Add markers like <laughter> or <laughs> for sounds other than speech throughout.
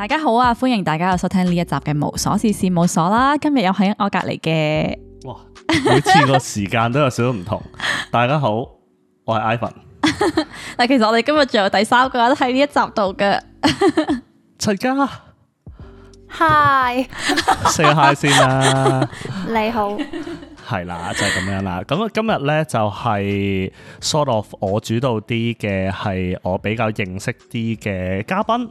大家好啊！歡迎大家又收聽呢一集嘅無瑣事事務所啦。今日又喺我隔籬嘅，哇！每次個時間都有少少唔同。大家好，我係 Ivan。但係其實我哋今日仲有第三個人喺呢一集度嘅，CHANKA。Hi，say hi 先啦。你好。係啦，就係咁樣啦。咁啊，今日咧就係 sort of 我主導啲嘅，係我比較認識啲嘅嘉賓。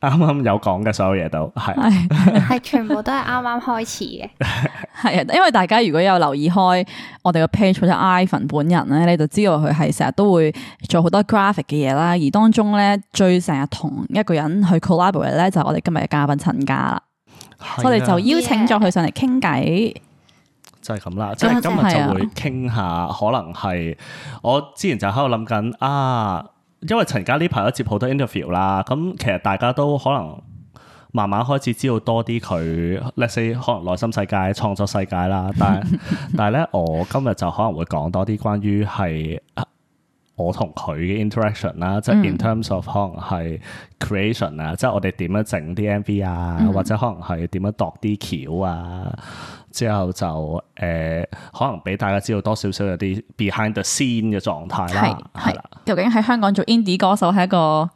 啱啱有講嘅所有嘢都係，係 <laughs> 全部都係啱啱開始嘅，係啊！因為大家如果有留意開我哋個 page，或者 Ivan 本人咧，你就知道佢係成日都會做好多 graphic 嘅嘢啦。而當中咧，最成日同一個人去 collaborate 咧，就係的我哋今日嘅嘉賓 CHANKA 啦。我哋就邀請咗佢上嚟傾偈，Yeah. 就係咁啦。即係今日就會傾下，的可能係我之前就喺度諗緊啊。因為 CHANKA 呢排都接好多 interview 啦，咁其實大家都可能慢慢開始知道多啲佢，let's say 可能內心世界、創作世界啦。但 <laughs> 但係咧，我今日就可能會講多啲關於係我同佢嘅 interaction 啦，即 <laughs> 係 in terms of 可能係 creation 啊，即 <laughs> 係我哋點樣整啲 MV 啊，或者可能係點樣度啲橋啊。之後就誒、呃，可能俾大家知道多少少有啲 behind the scene 嘅狀態啦。係係啦，了究竟喺香港做 indie 歌手係一個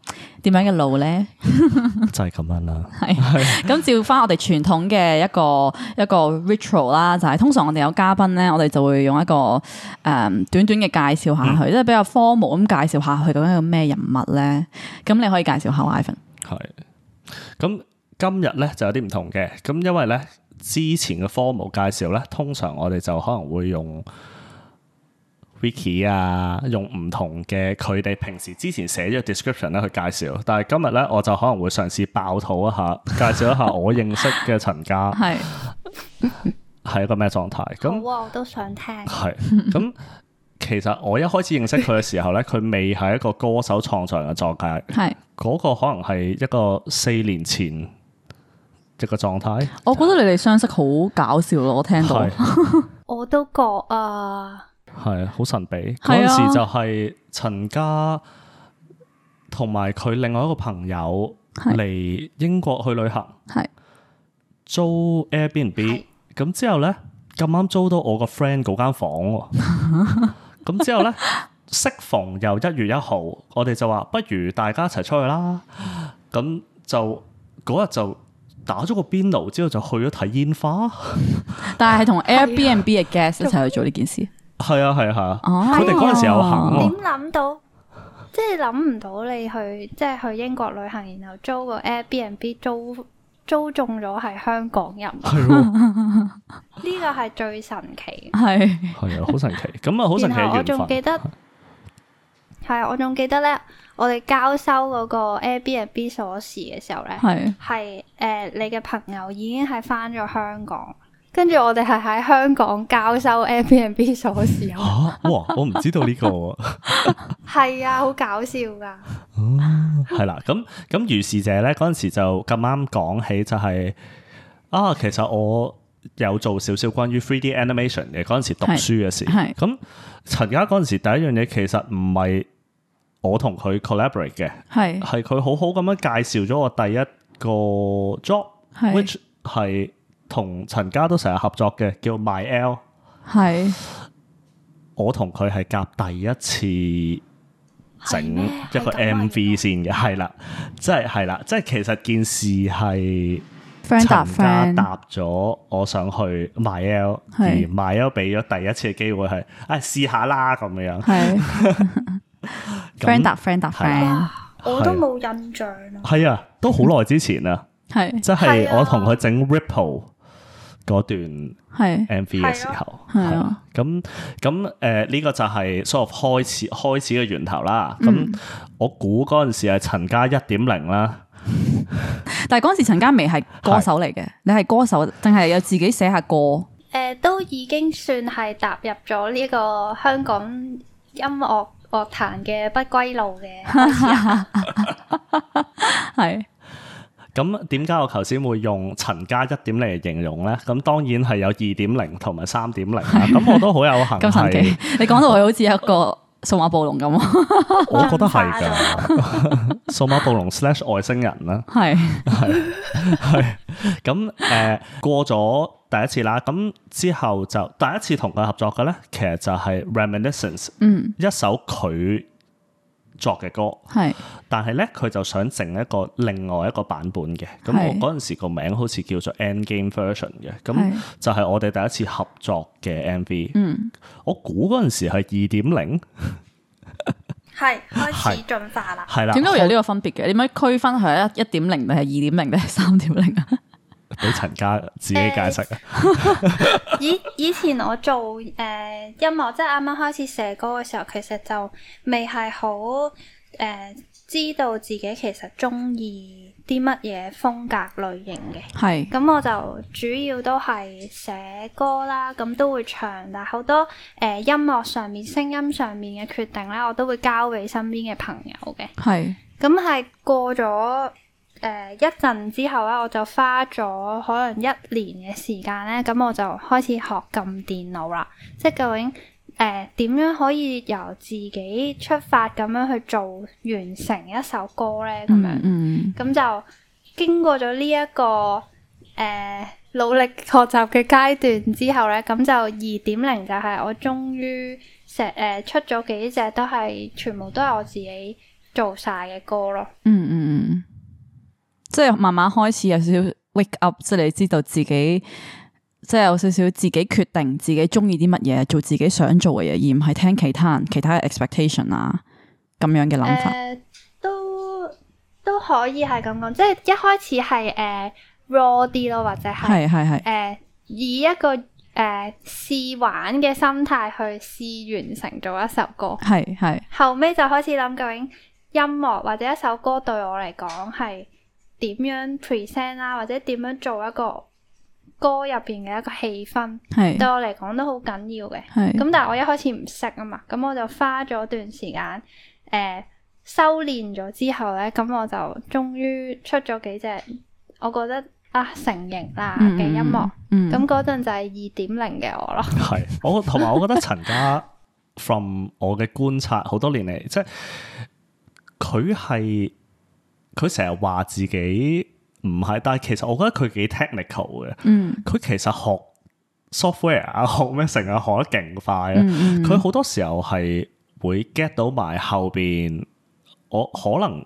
點樣嘅路咧？ <laughs> <laughs> 就係咁樣啦。係係是。咁 <laughs> 照翻我哋傳統嘅一個一個 ritual 啦，就係、是、通常我哋有嘉賓咧，我哋就會用一個誒、呃、短短嘅介紹下佢，嗯、即係比較 formal 咁介紹下佢究竟係個咩人物咧。咁你可以介紹下 Ivan。係。咁今日咧就有啲唔同嘅，咁因為咧。之前嘅 formal 介紹咧，通常我哋就可能會用 Wiki 啊，用唔同嘅佢哋平時之前寫咗 description 咧去介紹。但係今日咧，我就可能會嘗試爆肚一下，介紹一下我認識嘅陳家，係係一個咩狀態，咁我都想聽，係咁，其實我一開始認識佢嘅時候咧，佢 <laughs> 未係一個歌手創作人嘅狀態。係嗰是個可能係一個四年前。個狀態，我覺得你哋相識好搞笑咯！我聽到，是 <laughs> 我都覺啊，係啊，好神秘。嗰、啊、時就係陳家同埋佢另外一個朋友嚟英國去旅行，係是租 Airbnb 咁是之後呢，咁啱租到我個 friend 嗰間房，咁 <laughs> <laughs> 之後呢，適逢又一月一號，我哋就話不如大家一齊出去啦，咁就嗰日就。打咗個邊爐之後就去咗睇煙花， <laughs> <laughs> 但係係同 Airbnb 嘅 guest 一齊去做呢件事。係啊係啊係啊，佢哋嗰陣時候行、啊。點諗到？即係諗唔到你去，即係去英國旅行，然後租個 Airbnb 租租中咗係香港人。呢 <laughs> <laughs> 個係最神奇，係係 <laughs> 啊，好神奇。咁啊，好神奇我嘅緣分。係我仲記得咧。我哋交收嗰個 Airbnb 鎖匙嘅時候咧，係是，係誒、呃，你嘅朋友已經係返咗香港，跟住我哋係喺香港交收 Airbnb 鎖匙 <laughs> 啊。哇，我唔知道呢、這個，係 <laughs> 啊，好搞笑噶。哦、 <laughs> 嗯，係啦，咁咁，如是者咧，嗰陣時就咁啱講起就係、是，啊，其實我有做少少關於 three D animation 嘅嗰陣時讀書嘅事。係，咁 CHANKA 嗰陣時第一樣嘢其實唔係。我同佢 collaborate 嘅，係是，係佢好好咁樣介紹咗我第一個 job，which 係同陳家都成日合作嘅，叫 My L，係是。我同佢係夾第一次整一個 MV 先嘅，係啦，即係係啦，即係其實件事係 friend 搭咗，我想去 My L，的而 My L 俾咗第一次嘅機會係，啊、哎、試下啦咁樣。是的 <laughs> friend 搭 friend 搭 friend，我都冇印象咯。係啊，都好耐之前啊，係，即係我同佢整 Ripple 嗰段係 M V 嘅時候，係啊。咁咁誒，呢個就係 sort of 開始開始嘅源頭啦。咁我估嗰陣時係陳嘉一點零啦。但係嗰陣時陳嘉薇係歌手嚟嘅，你係歌手定係有自己寫下歌？誒，都已經算係踏入咗呢個香港音樂。樂壇嘅不歸路嘅，係咁點解我頭先會用 CHANKA 一點零嚟形容咧？咁當然係有二點零同埋三點零啦。咁我都好有幸，咁神奇！你講到佢好似一個數碼暴龍咁，我覺得係㗎數碼暴龍/外星人啦，係係係咁誒，過咗。第一次啦，咁之後就第一次同佢合作嘅咧，其實就係 Reminiscence，、嗯、一首佢作嘅歌。係是，但係咧佢就想整一個另外一個版本嘅。咁我嗰陣時個名好似叫做 Endgame Version 嘅。咁就係我哋第一次合作嘅 MV。嗯，我估嗰陣時係二點零，係開始進化啦。係啦，點解會有呢個分別嘅？點樣區分係一一點零定係二點零定係三點零啊？俾 CHANKA 自己解釋啊！以以前我做誒、uh, 音樂，即係啱啱開始寫歌嘅時候，其實就未係好誒知道自己其實中意啲乜嘢風格類型嘅。係咁是，我就主要都係寫歌啦，咁都會唱，但係好多誒、uh, 音樂上面、聲音上面嘅決定咧，我都會交俾身邊嘅朋友嘅。係咁是，係過咗。誒一陣之後咧，我就花咗可能一年嘅時間咧，咁我就開始學撳電腦啦。即係究竟誒點、呃、樣可以由自己出發咁樣去做完成一首歌咧？咁樣咁、嗯嗯、就經過咗呢一個誒、呃、努力學習嘅階段之後咧，咁就二點零就係我終於成誒、呃、出咗幾隻都係全部都係我自己做晒嘅歌咯。嗯嗯嗯。嗯即係慢慢開始有少少 wake up，即係你知道自己，即係有少少自己決定自己中意啲乜嘢，做自己想做嘅嘢，而唔係聽其他人其他嘅 expectation 啊咁樣嘅諗法。呃、都都可以係咁講，即係一開始係誒、呃、raw 啲咯，或者係係係係，誒、呃、以一個誒試、呃、玩嘅心態去試完成做一首歌，係係後尾就開始諗究竟音樂或者一首歌對我嚟講係點樣 present 啦，或者點樣做一個歌入邊嘅一個氣氛，是對我嚟講都好緊要嘅。咁是但係我一開始唔識啊嘛，咁我就花咗段時間，誒、呃，修煉咗之後咧，咁我就終於出咗幾隻，我覺得啊，成型啦嘅音樂。咁嗰陣就係二點零嘅我咯。係，我同埋我覺得 CHANKA <laughs> ，from 我嘅觀察，好多年嚟，即係佢係。佢成日話自己唔係，但係其實我覺得佢幾 technical 嘅。嗯，佢其實學 software 啊，學 mixing 啊，學得勁快啊。佢好、嗯嗯、多時候係會 get 到埋後邊，我可能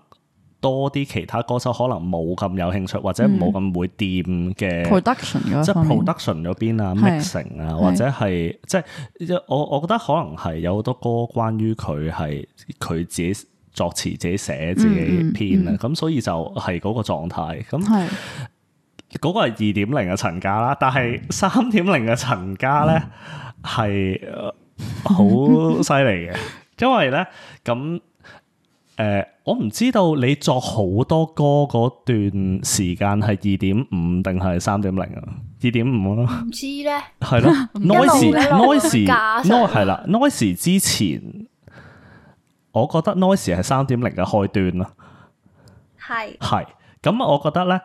多啲其他歌手可能冇咁有興趣，嗯、或者冇咁會掂嘅即係 production 嗰邊啊是 mixing 啊，是或者係即係我我覺得可能係有好多歌關於佢係佢自己。作詞自己寫自己編啦，咁、嗯嗯、所以就係嗰個狀態。咁嗰是個係二點零嘅陳家啦，但係三點零嘅陳家咧係好犀利嘅，因為咧咁誒，我唔知道你作好多歌嗰段時間係二點五定係三點零啊？二點五咯，唔知咧，係咯，noise noise noise 係啦，noise 之前。我覺得 n o i c e 係三點零嘅開端咯，係係咁，我覺得咧，誒、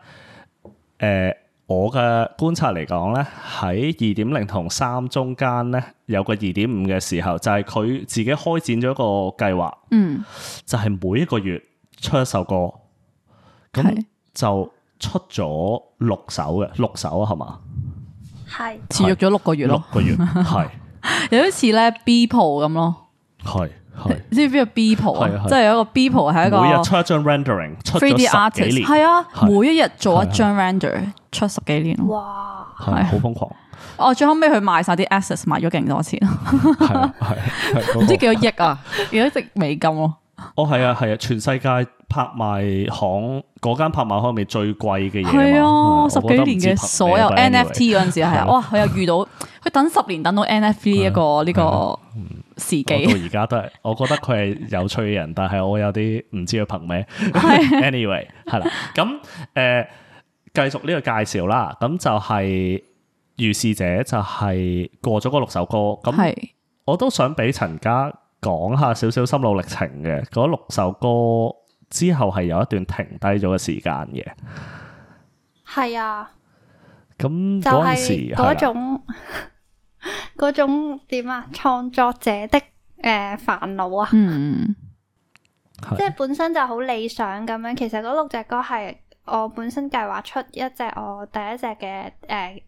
呃，我嘅觀察嚟講咧，喺二點零同三中間咧，有個二點五嘅時候，就係、是、佢自己開展咗一個計劃，嗯，就係每一個月出一首歌，咁就出咗六首嘅，六首係嘛，係持續咗六個月咯，六個月係，有一次咧 B 鋪咁咯，係。呢啲叫 B 潑啊，即係有一個 B 潑係一個每日出張 rendering，出咗十幾年，係啊，每一日做一張 render，出十幾年，哇，係好瘋狂。哦，最後尾佢賣晒啲 assets，賣咗勁多錢，唔知幾多億啊，如果值美金咯。哦，係啊，係啊，全世界。拍賣行嗰間拍賣行面最貴嘅嘢係啊，十幾年嘅所有 NFT 嗰陣時係 <laughs> 哇，佢又遇到佢等十年等到 NFT 一個呢個時機。 <laughs> 到而家都係，我覺得佢係有趣嘅人，但係我有啲唔知佢憑咩。Anyway，係啦，咁、呃、誒，繼續呢個介紹啦。咁就係預示者就係過咗嗰六首歌。咁係，我都想俾 CHANKA 講下少少心路歷程嘅嗰六首歌。之後係有一段停低咗嘅時間嘅，係啊。咁嗰陣時係啦，嗰種嗰、啊、 <laughs> 種點啊，創作者的誒、呃、煩惱啊。嗯，即係本身就好理想咁樣。其實嗰六隻歌係我本身計劃出一隻我第一隻嘅誒、呃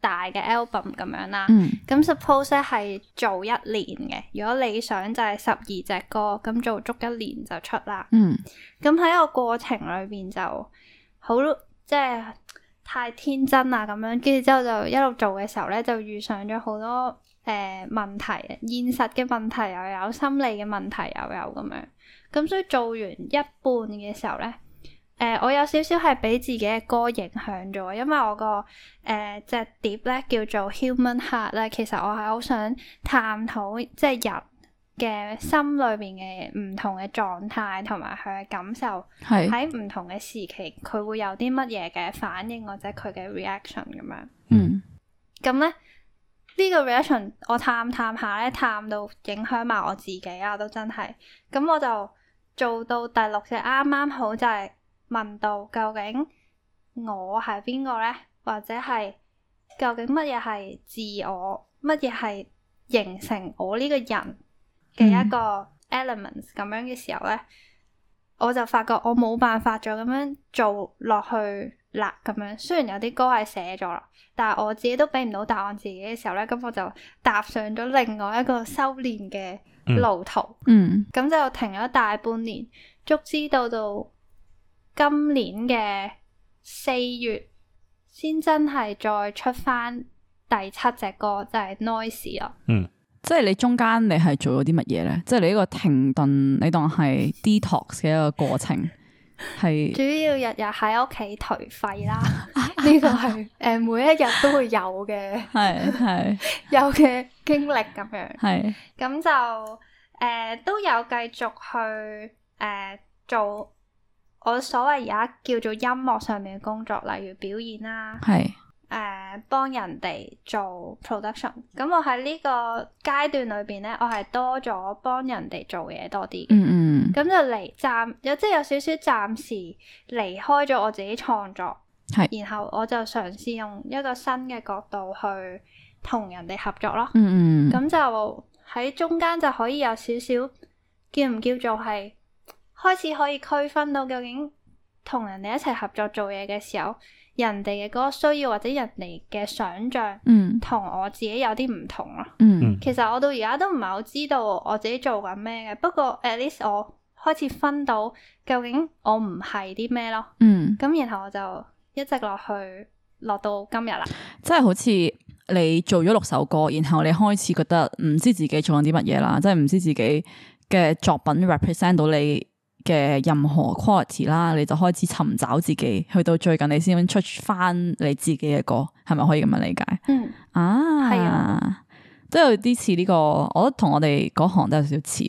大嘅 album 咁樣啦，咁、嗯、suppose 咧係做一年嘅。如果理想就係十二隻歌，咁做足一年就出啦。咁喺個過程裏邊就好即係太天真啊，咁樣跟住之後就一路做嘅時候咧，就遇上咗好多誒、呃、問題，現實嘅問題又有，心理嘅問題又有咁樣。咁所以做完一半嘅時候咧。誒、呃，我有少少係俾自己嘅歌影響咗，因為我個誒、呃、隻碟咧叫做《Human Heart》咧，其實我係好想探討即係人嘅心裏邊嘅唔同嘅狀態，同埋佢嘅感受，喺唔同嘅時期佢是會有啲乜嘢嘅反應或者佢嘅 reaction 咁樣。嗯。咁咧呢、呢個 reaction，我探探下咧，探到影響埋我自己啊，都真係。咁我就做到第六隻啱啱好就係、是。問到究竟我係邊個呢？或者係究竟乜嘢係自我，乜嘢係形成我呢個人嘅一個 elements 咁、嗯、樣嘅時候呢？我就發覺我冇辦法再咁樣做落去啦。咁樣雖然有啲歌係寫咗啦，但係我自己都俾唔到答案自己嘅時候呢，咁我就踏上咗另外一個修煉嘅路途。嗯，咁就停咗大半年，直至到到。今年嘅四月先真係再出翻第七隻歌，就係 Noisy 咯。嗯，即係你中間你係做咗啲乜嘢呢？即係你呢個停頓，你當係 detox 嘅一個過程，係主要日日喺屋企頹廢啦。呢個係誒每一日都會有嘅，係係有嘅經歷咁樣。係咁就誒都有繼續去誒做。我所謂而家叫做音樂上面嘅工作，例如表演啦，啊，係誒幫人哋做 production。咁我喺呢個階段裏邊咧，我係多咗幫人哋做嘢，多啲。嗯嗯。咁就離暫有即係有少少暫時離開咗我自己創作。係是。然後我就嘗試用一個新嘅角度去同人哋合作咯。嗯嗯。咁就喺中間就可以有少少叫唔叫做係。開始可以區分到究竟同人哋一齊合作做嘢嘅時候，人哋嘅嗰個需要或者人哋嘅想象，嗯，同我自己有啲唔同咯啊。嗯，其實我到而家都唔係好知道我自己做緊咩嘅，不過 at least 我開始分到究竟我唔係啲咩咯。嗯，咁然後我就一直落去落到今日啦。即係 <music> 好似你做咗六首歌，然後你開始覺得唔知自己做緊啲乜嘢啦，即係唔知自己嘅作品 represent 到你。嘅任何 quality 啦，你就開始尋找自己，去到最近你先出翻你自己嘅歌，係咪可以咁樣理解？嗯啊，係啊的，都有啲似呢個，我覺得同我哋嗰行都有少少似。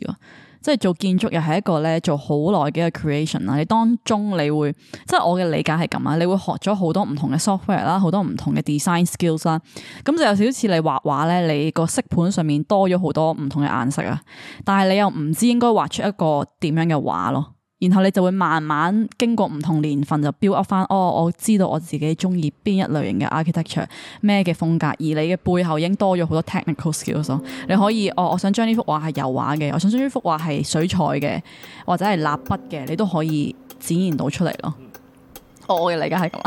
即係做建築又係一個咧，做好耐嘅 creation 啊。你當中你會即係我嘅理解係咁啊，你會學咗好多唔同嘅 software 啦，好多唔同嘅 design skills 啦，咁就有少少似你畫畫咧，你個色盤上面多咗好多唔同嘅顏色啊，但係你又唔知應該畫出一個點樣嘅畫咯。然後你就會慢慢經過唔同年份就 build up 翻，哦，我知道我自己中意邊一類型嘅 architecture，咩嘅風格。而你嘅背後已經多咗好多 technical skills 你可以，哦、oh，我想將呢幅畫係油畫嘅，我想將呢幅畫係水彩嘅，或者係蠟筆嘅，你都可以展現到出嚟咯。Oh, 我嘅理解係咁。 <laughs>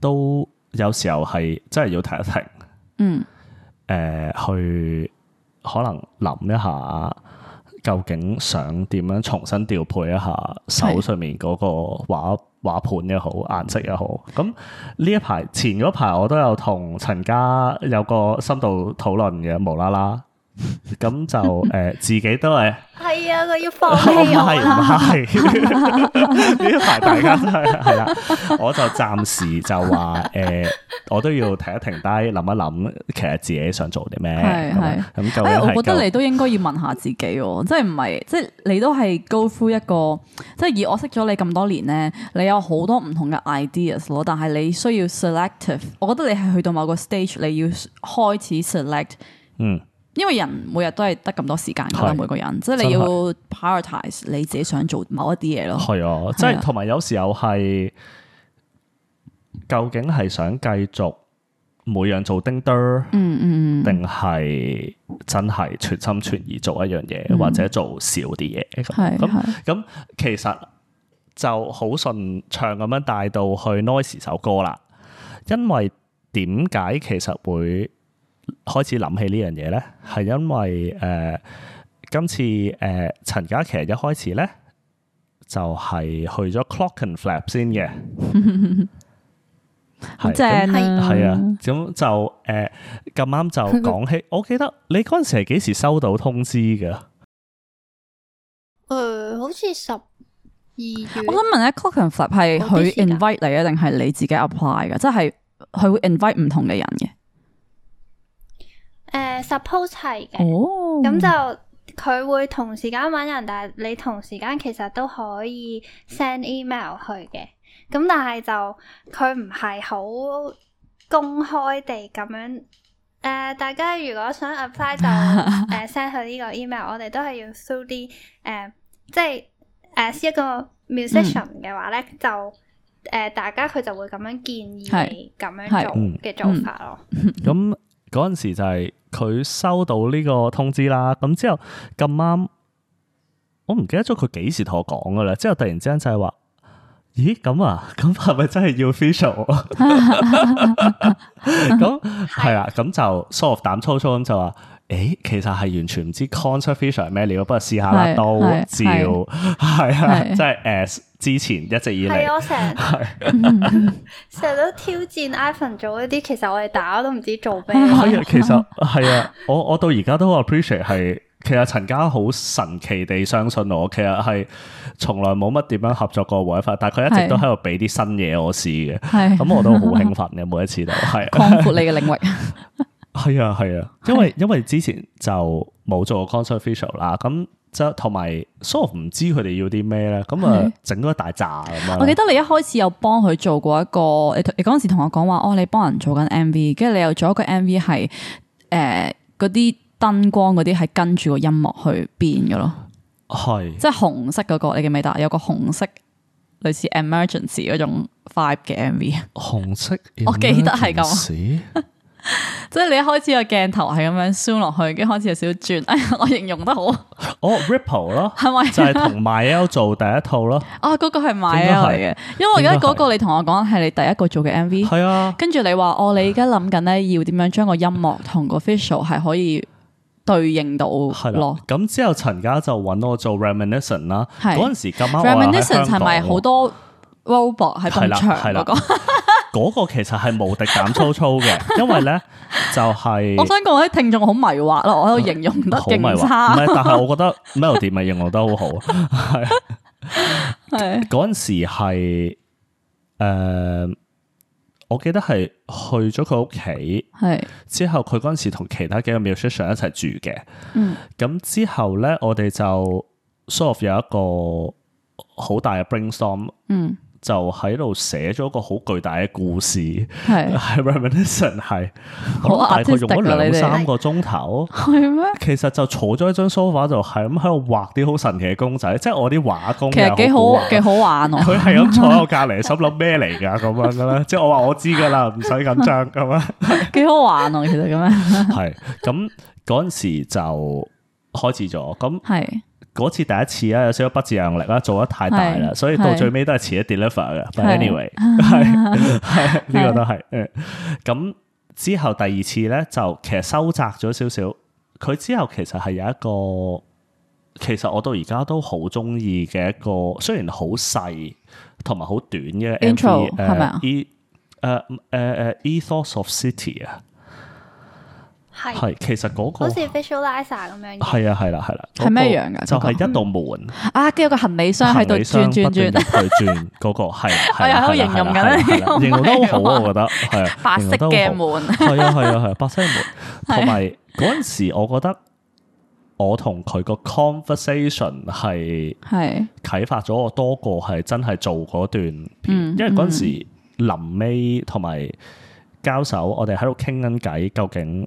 都有時候係真係要睇一睇，嗯、呃，去可能諗一下究竟想點樣重新調配一下手上面嗰個畫畫盤也好，顏色也好。咁呢一排前嗰排我都有同陳家有個深度討論嘅，無啦啦。咁就誒、呃，自己都係係啊，我要放棄我啦。 <laughs> 係，呢排 <laughs> <laughs> 大家真係係啦， <laughs> 了 <laughs> 我就暫時就話誒、呃，我都要停想一停低，諗一諗，其實自己想做啲咩。係係是，咁就、欸、我覺得你都應該要問下自己，即係唔係？即係你都係 go through 一個，即係以我識咗你咁多年咧，你有好多唔同嘅 ideas 咯，但係你需要 selective。我覺得你係去到某個 stage，你要開始 select。嗯。因為人每日都係得咁多時間，可能每個人，是即係你要 prioritize 你自己想做某一啲嘢咯。係啊，即係同埋有時候係究竟係想繼續每樣做叮叮，嗯嗯定係真係全心全意做一樣嘢，嗯、或者做少啲嘢。係咁咁，其實就好順暢咁樣帶到去 Noisy 首歌啦。因為點解其實會？開始諗起呢樣嘢咧，係因為誒、呃，今次誒陳、呃、家琪一開始咧，就係、是、去咗 Clockenflap 先嘅，好正 <laughs> 是啊！係、嗯嗯、啊，咁就誒咁啱就講起， <laughs> 我記得你嗰陣時係幾時收到通知嘅？誒、呃，好似十二月。我想問咧、啊，Clockenflap 係佢 invite 你啊、哦，定係你自己 apply 嘅？即係佢會 invite 唔同嘅人嘅。誒，suppose 係嘅，哦、uh, oh.，咁就佢會同時間搵人，但係你同時間其實都可以 send email 去嘅，咁但係就佢唔係好公開地咁樣，誒、呃，大家如果想 apply 就誒 send 佢呢個 email，我哋都係要 show 啲，誒，即係誒，一個 musician 嘅話咧、嗯、就，誒、uh,，大家佢就會咁樣建議你咁樣做嘅做法咯。咁嗰陣時就係、是。佢收到呢個通知啦，咁之後咁啱，我唔記得咗佢幾時同我講噶啦，之後突然之間就係話，咦咁啊，咁係咪真係要 facial 咁係啊，咁 <laughs> 就 so 膽粗粗咁就話。淡淡淡淡誒，其實係完全唔知 conceptual 係咩料，不如試下啦，都照係啊，即係誒，之前一直以嚟，係，我成日都挑戰 Ivan 做一啲，其實我哋打都唔知做咩。可以，其實係啊，我我到而家都 appreciate 係，其實陳家好神奇地相信我，其實係從來冇乜點樣合作過華為，但係佢一直都喺度俾啲新嘢我試嘅，咁我都好興奮嘅，每一次都係擴闊你嘅領域。係啊係啊，因為、啊、因為之前就冇做過 concert visual 啦，咁即係同埋，所以我唔知佢哋要啲咩咧。咁啊，整咗、啊、一大扎咁啊。我記得你一開始有幫佢做過一個，你你嗰陣時同我講話哦，你幫人做緊 M V，跟住你又做一個 M V 係誒嗰啲燈光嗰啲係跟住個音樂去變噶咯。係、啊，即係紅色嗰、那個你記唔記得？有個紅色類似 emergency 嗰種 vibe 嘅 M V，紅色、e、我記得係咁。即係你一開始個鏡頭係咁樣 zoom 落去，跟住開始有少少轉。哎呀，我形容得好哦、oh，ripple 咯，係咪就係同 Myel 做第一套咯？哦、啊，嗰、那個係 Myel 嚟嘅。因為而家嗰個你同我講係你第一個做嘅 MV，係啊。跟住你話哦，你而家諗緊咧要點樣將個音樂同個 visual 係可以對應到係咯。咁之後陳家就揾我做 Reminiscence 啦。嗰陣的時今晚 Reminiscence 係咪好多 robot 喺現場嗰、那個？嗰個其實係無敵膽粗粗嘅， <laughs> 因為咧就係、是、我想講啲聽眾好迷惑咯，呃、惑 <laughs> 我形容得迷惑，唔係，但係我覺得 Melody 咪形容得好好，係嗰陣時係誒、呃，我記得係去咗佢屋企，係是之後佢嗰陣時同其他幾個 musician 一齊住嘅，嗯，咁之後咧我哋就 sort of 有一個好大嘅 brainstorm 嗯。就喺度寫咗個好巨大嘅故事，係是。係 reminiscence 係，是大概用咗兩三個鐘頭，係咩？其實就坐咗一張沙發，就係咁喺度畫啲好神奇嘅公仔，即係我啲畫工，其實幾好，幾好玩。佢係咁坐喺我隔籬，心諗咩嚟噶？咁樣噶啦，即係我話我知噶啦，唔使緊張咁樣？幾好玩哦，其實咁樣。係， <laughs> 咁嗰陣時就開始咗，咁係。嗰次第一次咧有少少不自量力啦，做得太大啦，是所以到最尾都係遲咗 deliver 嘅。是 But anyway，係， <laughs> <laughs> 呢個都係。咁 <laughs> 之後第二次咧就其實收窄咗少少。佢之後其實係有一個，其實我到而家都好中意嘅一個，雖然好細同埋好短嘅 MV intro 係咪啊？誒誒誒 Ethos of City 啊。係，其實嗰個好似 visualizer 咁樣。係啊，係啦，係啦。係咩樣嘅？就係一道門啊，跟住有個行李箱喺度轉轉轉，嗰個係係啊，係啦，形容得好啊，我覺得係啊，白色嘅門係啊係啊係啊，白色嘅門。同埋嗰陣時，我覺得我同佢個 conversation 係係啟發咗我多過係真係做嗰段片，因為嗰陣時臨尾同埋交手，我哋喺度傾緊偈，究竟。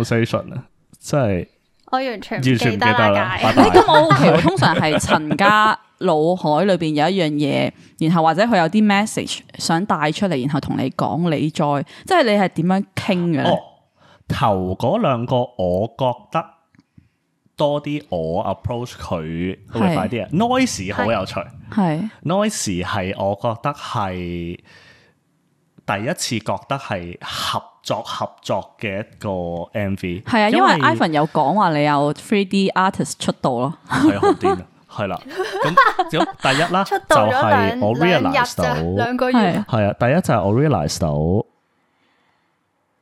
啊，即係我完全唔記得啦。你咁我好奇，通常係 CHANKA 腦海裏邊有一樣嘢，然後或者佢有啲 message 想帶出嚟，然後同你講，你再即係、就是、你係點樣傾嘅咧？頭嗰兩個我覺得多啲，我 approach 佢會快啲啊。是 Noisy 好有趣，係 Noisy 係我覺得係。第一次覺得係合作合作嘅一個 MV 係啊，因為 Ivan 有講話你有 3D artist 出道咯，係好癲，係啦。咁第一啦，就係我 realize 到，兩個月，係啊，第一就係我 realize 到，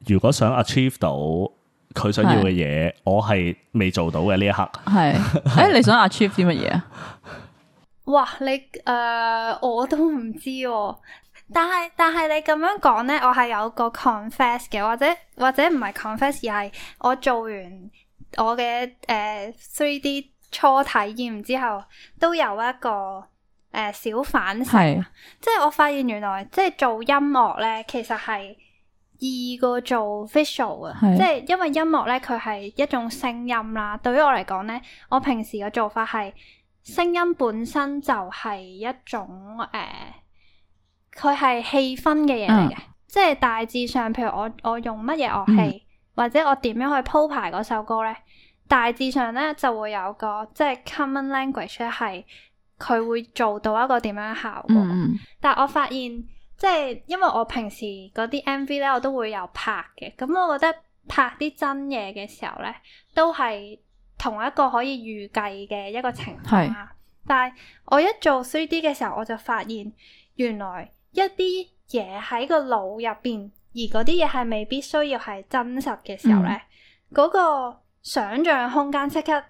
如果想 achieve 到佢想要嘅嘢，我係未做到嘅呢一刻。係，誒，你想 achieve 啲乜嘢啊？哇，你誒，我都唔知哦。但係但係，你咁樣講呢，我係有個 confess 嘅，或者或者唔係 confess，而係我做完我嘅誒 three D 初體驗之後，都有一個誒、呃、小反省，是即係我發現原來即係做音樂呢，其實係易過做 visual 啊，是即係因為音樂呢，佢係一種聲音啦。對於我嚟講呢，我平時嘅做法係聲音本身就係一種誒。呃佢係氣氛嘅嘢嚟嘅，啊、即係大致上，譬如我我用乜嘢樂器，嗯、或者我點樣去鋪排嗰首歌呢，大致上呢就會有個即係 common language 係佢會做到一個點樣效果。嗯、但係我發現，即係因為我平時嗰啲 MV 呢，我都會有拍嘅，咁我覺得拍啲真嘢嘅時候呢，都係同一個可以預計嘅一個情況。是 但係我一做 3D 嘅時候，我就發現原來一啲嘢喺個腦入邊，而嗰啲嘢係未必需要係真實嘅時候呢嗰、嗯、個想象空間即刻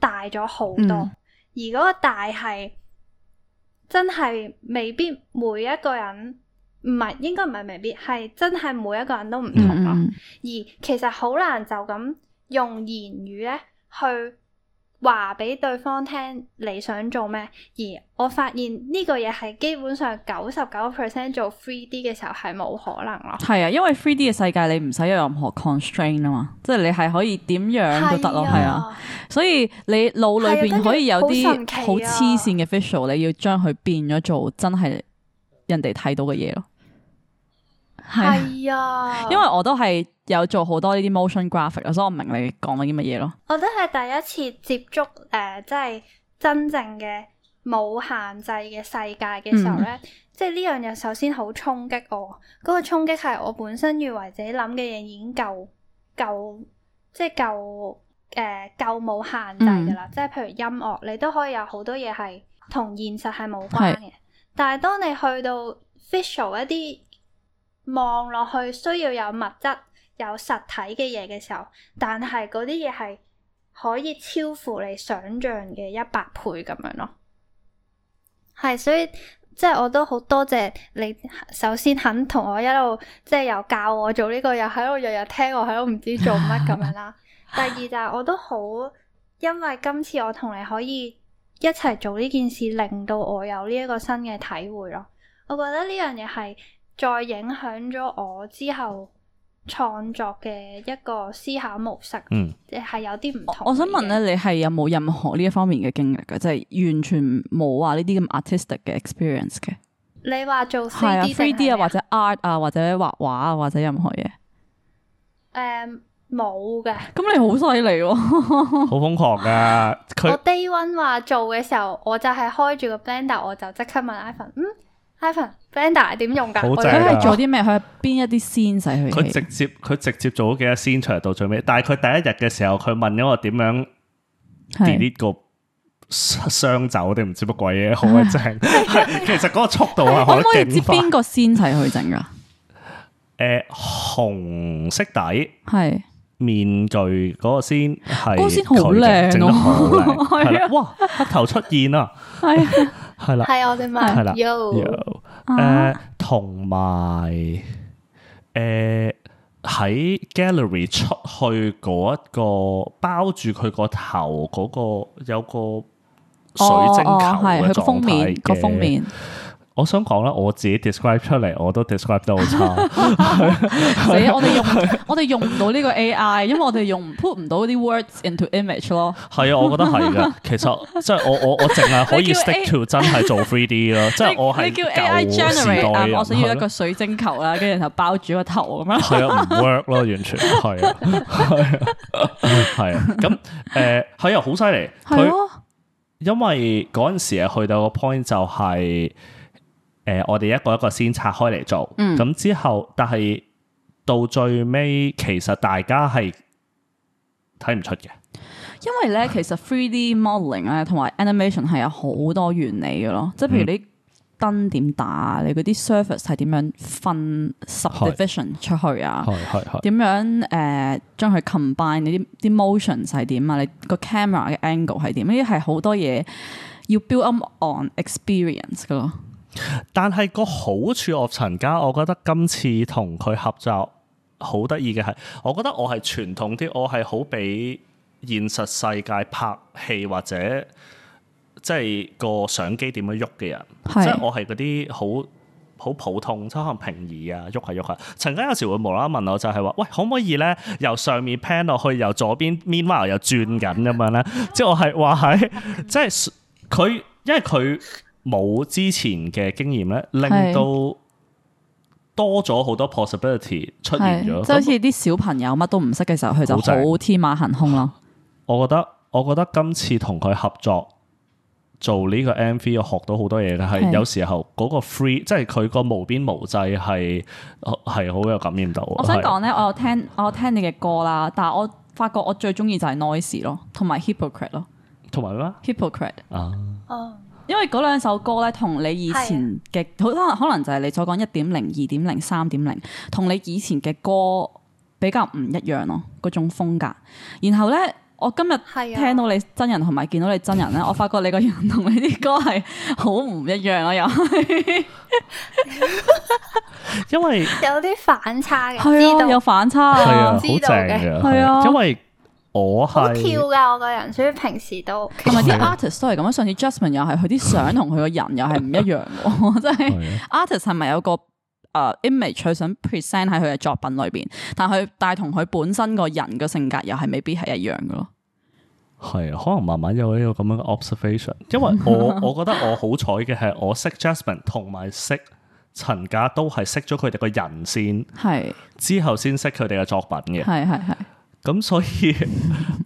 大咗好多。嗯、而嗰個大係真係未必每一個人唔係，應該唔係，未必係真係每一個人都唔同咯。嗯嗯、而其實好難就咁用言語咧去。話俾對方聽你想做咩，而我發現呢個嘢係基本上九十九 percent 做 three D 嘅時候係冇可能咯。係啊，因為 three D 嘅世界你唔使有任何 constraint 啊嘛，即係你係可以點樣都得咯，係啊。所以你腦裏邊可以有啲好黐線嘅 visual，你要將佢變咗做真係人哋睇到嘅嘢咯。係是啊，因為我都係有做好多呢啲 motion graphic 所以我唔明你講緊啲乜嘢咯。我都係第一次接觸誒，即、呃、係真正嘅冇限制嘅世界嘅時候咧，嗯、即係呢樣嘢首先好衝擊我。嗰、那個衝擊係我本身以為自己諗嘅嘢已經夠夠，即係夠誒夠冇限制噶啦。嗯、即係譬如音樂，你都可以有好多嘢係同現實係冇關嘅。是的 但係當你去到 Visual 一啲。望落去需要有物質、有實體嘅嘢嘅時候，但係嗰啲嘢係可以超乎你想象嘅一百倍咁樣咯。係，所以即係我都好多謝你，首先肯同我一路即係又教我做呢個，又喺度日日聽我喺度唔知做乜咁樣啦。 <laughs> 第二就係我都好，因為今次我同你可以一齊做呢件事，令到我有呢一個新嘅體會咯。我覺得呢樣嘢係。再影響咗我之後創作嘅一個思考模式，即係、嗯、有啲唔同我。我想問咧、啊，你係有冇任何呢一方面嘅經歷嘅？即、就、係、是、完全冇啊呢啲咁 artistic 嘅 experience 嘅。你話做 3D 啊或者 art 啊或者畫畫啊或者任何嘢？誒、嗯，冇嘅。咁你好犀利喎，好 <laughs> 瘋狂嘅。 <laughs> 他我 day one 話做嘅時候，我就係開住個 blender，我就即刻問 Ivan、嗯。Blender 點用噶？佢係、啊、做啲咩？佢邊一啲先使去佢直接佢直接做咗幾多先出嚟，到最尾？但係佢第一日嘅時候，佢問咗我點樣 delete 個雙酒定唔知乜鬼嘢、啊，好正。的 <laughs> <laughs> 其實嗰個速度啊， <laughs> 我可以接邊個先使去整噶？誒、呃，紅色底係。面具嗰個先係佢整得好靚，係啦 <laughs> 是、啊啊，哇，黑頭出現啦，係係啦，係、啊、我哋買，係啦，yo yo，誒，同埋誒喺 gallery 出去嗰一個包住佢個頭嗰個有個水晶球嘅狀態、哦哦哦、封面！嘅封面。我想講啦，我自己 describe 出嚟 des， <laughs> <laughs> 我都 describe 得好差。係啊，我哋用我哋用唔到呢個 AI，因為我哋用 put 唔到啲 words into image 咯。係啊， <laughs> 我覺得係嘅。其實即係我我我淨係可以 stick to 真係做 3D 咯。 <laughs> 對即係我係舊時代人。你叫 AI generate，我想要一個水晶球啦，跟住然後包住個頭咁樣。係啊， <laughs> 唔 work 咯，完全係係。咁誒，係啊， <laughs> <laughs> <laughs> 好犀利。佢、呃、 <laughs> 因為嗰陣時啊，去到個 point 就係、是。誒、呃，我哋一個一個先拆開嚟做，咁、嗯、之後，但係到最尾，其實大家係睇唔出嘅，因為咧，其實 3D modeling 咧同埋 animation 係有好多原理嘅咯。即係譬如你燈點打，嗯、你嗰啲 surface 係點樣分 subdivision 出去啊？點樣誒、呃、將佢 combine？你啲啲 motion 係點啊？你個 camera 嘅 angle 係點？呢啲係好多嘢要 build up on experience 嘅咯。但係個好處我 CHANKA，我覺得今次同佢合作好得意嘅係，我覺得我係傳統啲，我係好俾現實世界拍戲或者即係個相機點樣喐嘅人，是即係我係嗰啲好好普通，即係可能平移啊，喐下喐下。CHANKA 有時會無啦啦問我，就係、是、話喂，可唔可以咧由上面 pan 落去，由左邊 meanwhile 又轉緊咁樣咧？即係我係話係，即係佢因為佢。冇之前嘅經驗咧，令到多咗好多 possibility 出現咗，是那就好似啲小朋友乜都唔識嘅時候，佢棒就好天馬行空咯。我覺得我覺得今次同佢合作做呢個 MV，我學到好多嘢嘅，係有時候嗰個 free，的即係佢個無邊無際係係好有感染到。我想講咧的，我有聽我聽你嘅歌啦，但係我發覺我最中意就係 noisy 咯，同埋 hypocrite 咯，同埋咩 hypocrite 啊！啊因為嗰兩首歌咧，同你以前嘅好多可能就係你再講一點零、二點零、三點零，同你以前嘅歌比較唔一樣咯，嗰種風格。然後呢，我今日聽到你真人同埋見到你真人呢，是啊、我發覺你個人同你啲歌係好唔一樣啊！又， <laughs> <laughs> 因為有啲反差嘅，係啊，道有反差啊，好正嘅，係是啊，因為。我係好跳噶，我個人，所以平時都同埋啲 artist 都係咁樣。上次 Jasmine 又係佢啲相同佢個人又係唔一樣嘅， <laughs> <laughs> 真係 artist 係咪有個誒、uh, image 佢想 present 喺佢嘅作品裏邊，但佢但係同佢本身個人嘅性格又係未必係一樣嘅咯。係啊，可能慢慢有呢個咁樣嘅 observation。因為我我覺得我好彩嘅係我識 Jasmine 同埋識陳家都係識咗佢哋個人先，係的之後先識佢哋嘅作品嘅，係係係。咁 <laughs> 所以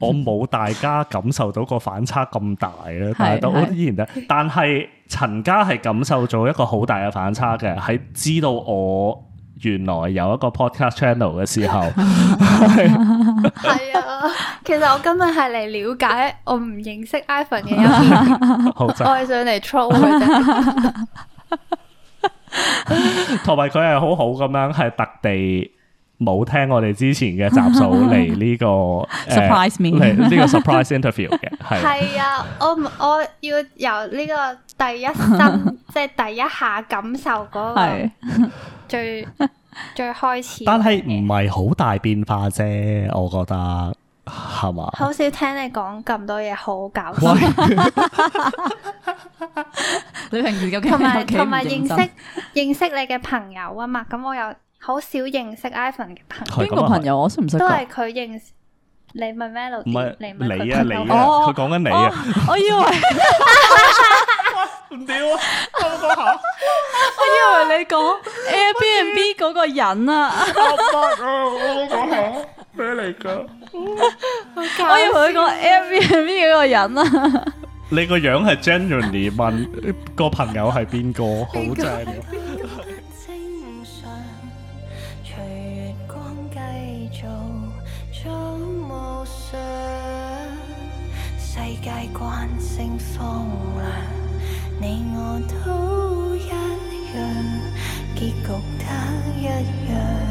我冇大家感受到個反差咁大咧， <laughs> 但係都依然但係陳家係感受咗一個好大嘅反差嘅，喺知道我原來有一個 podcast channel 嘅時候，係 <laughs> 啊。 <laughs> 其實我今日係嚟了解我唔認識 Ivan 嘅一面， <laughs> <laughs> 我係上嚟 troll 佢啫。同埋佢係好好咁樣，係特地。冇聽我哋之前嘅集數，嚟呢個 surprise m 嚟呢個 surprise interview 嘅係係啊，我我要由呢個第一身即係第一下感受嗰個最 <laughs> 最，最開始，那個， <laughs> 但係唔係好大變化啫，我覺得係嘛？好少聽你講咁多嘢，好，好搞笑！女朋友嘅同埋同埋認識 <laughs> 認識你嘅朋友啊嘛，咁我又。好少認識 Ivan 嘅朋友，邊個朋友？我識唔識都係佢認識你咪 Melody，唔係，你你啊你啊，佢講緊你啊！我以為唔屌啊，我講下，我以為你講 Airbnb 嗰個人啊，我唔識啊，我講下咩嚟噶？我以為佢講 Airbnb 嗰個人啊，你個樣係 genuinely 問個朋友係邊個？好正。星風涼啊，你我都一樣，結局都一樣。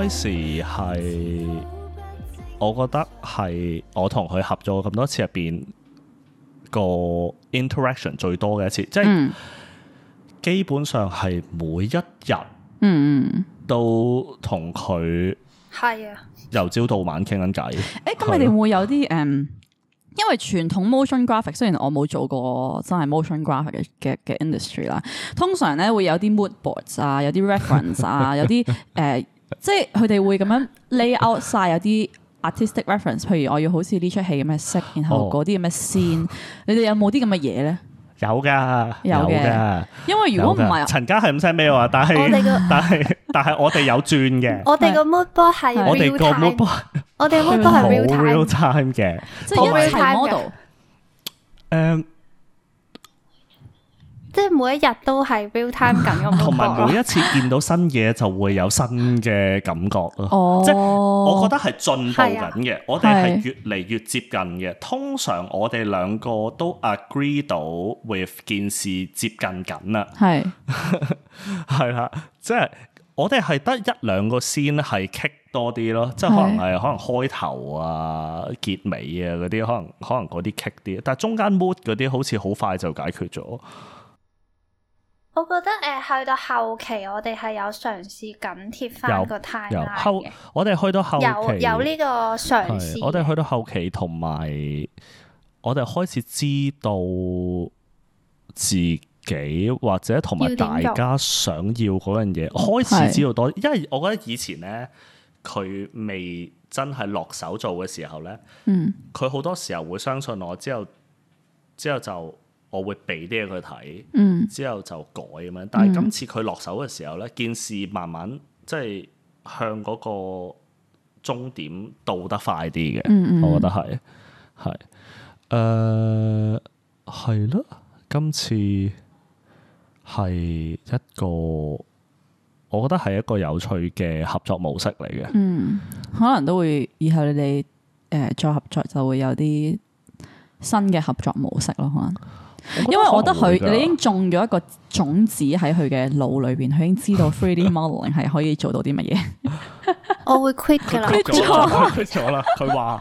開始係，時我覺得係我同佢合作咁多次入邊個 interaction 最多嘅一次，即係、嗯、基本上係每一日，嗯嗯，都同佢係啊，由朝到晚傾緊偈。誒的，咁、 <laughs> 欸、你哋會有啲誒、 <laughs> 嗯，因為傳統 motion graphic 雖然我冇做過真係 motion graphic 嘅嘅嘅 industry 啦，通常咧會有啲 mood boards 啊，有啲 reference 啊，有啲誒。 <laughs> 即係佢哋會咁樣 lay out 晒有啲 artistic reference，譬如我要好似呢出戲咁嘅色，然後嗰啲咁嘅 scene,、oh. 你哋有冇啲咁嘅嘢咧？有噶，有噶，因為如果唔係陳家係唔 send 咩話，但係我哋 <laughs> 但係但係我哋有轉嘅，我哋個 model 係我哋個 model，我哋 model 係 real time 嘅，即係因為係 model。誒。即係每一日都係 real time 咁嘅感覺咯，同埋每一次見到新嘢就會有新嘅感覺咯。Oh, 即係我覺得係進步緊嘅，啊、我哋係越嚟越接近嘅。是通常我哋兩個都 agree 到 with 件事接近緊啦。係係啦，即係我哋係得一兩個先係 kick 多啲咯，是即係可能係可能開頭啊、結尾啊嗰啲，可能可能 kick 啲，但係中間 mood 嗰啲好似好快就解決咗。我覺得誒、呃，去到後期我哋係有嘗試緊貼翻個 timeline。後的我哋去到後期有呢個嘗試。我哋去到後期同埋我哋開始知道自己或者同埋大家想要嗰樣嘢，開始知道多。是因為我覺得以前咧，佢未真係落手做嘅時候咧，嗯，佢好多時候會相信我之後之後就。我會俾啲嘢佢睇，嗯、之後就改咁樣。但係今次佢落手嘅時候咧，嗯、件事慢慢即係向嗰個終點到得快啲嘅，嗯嗯，我覺得係係誒係咯。今次係一個，我覺得係一個有趣嘅合作模式嚟嘅。嗯，可能都會以後你哋誒、呃、再合作就會有啲新嘅合作模式咯，可能。因為我覺得佢你已經種咗一個種子喺佢嘅腦裏邊，佢已經知道 3D modeling 係可以做到啲乜嘢。 <laughs> <laughs> 我會 quit 噶啦，quit 咗啦，佢話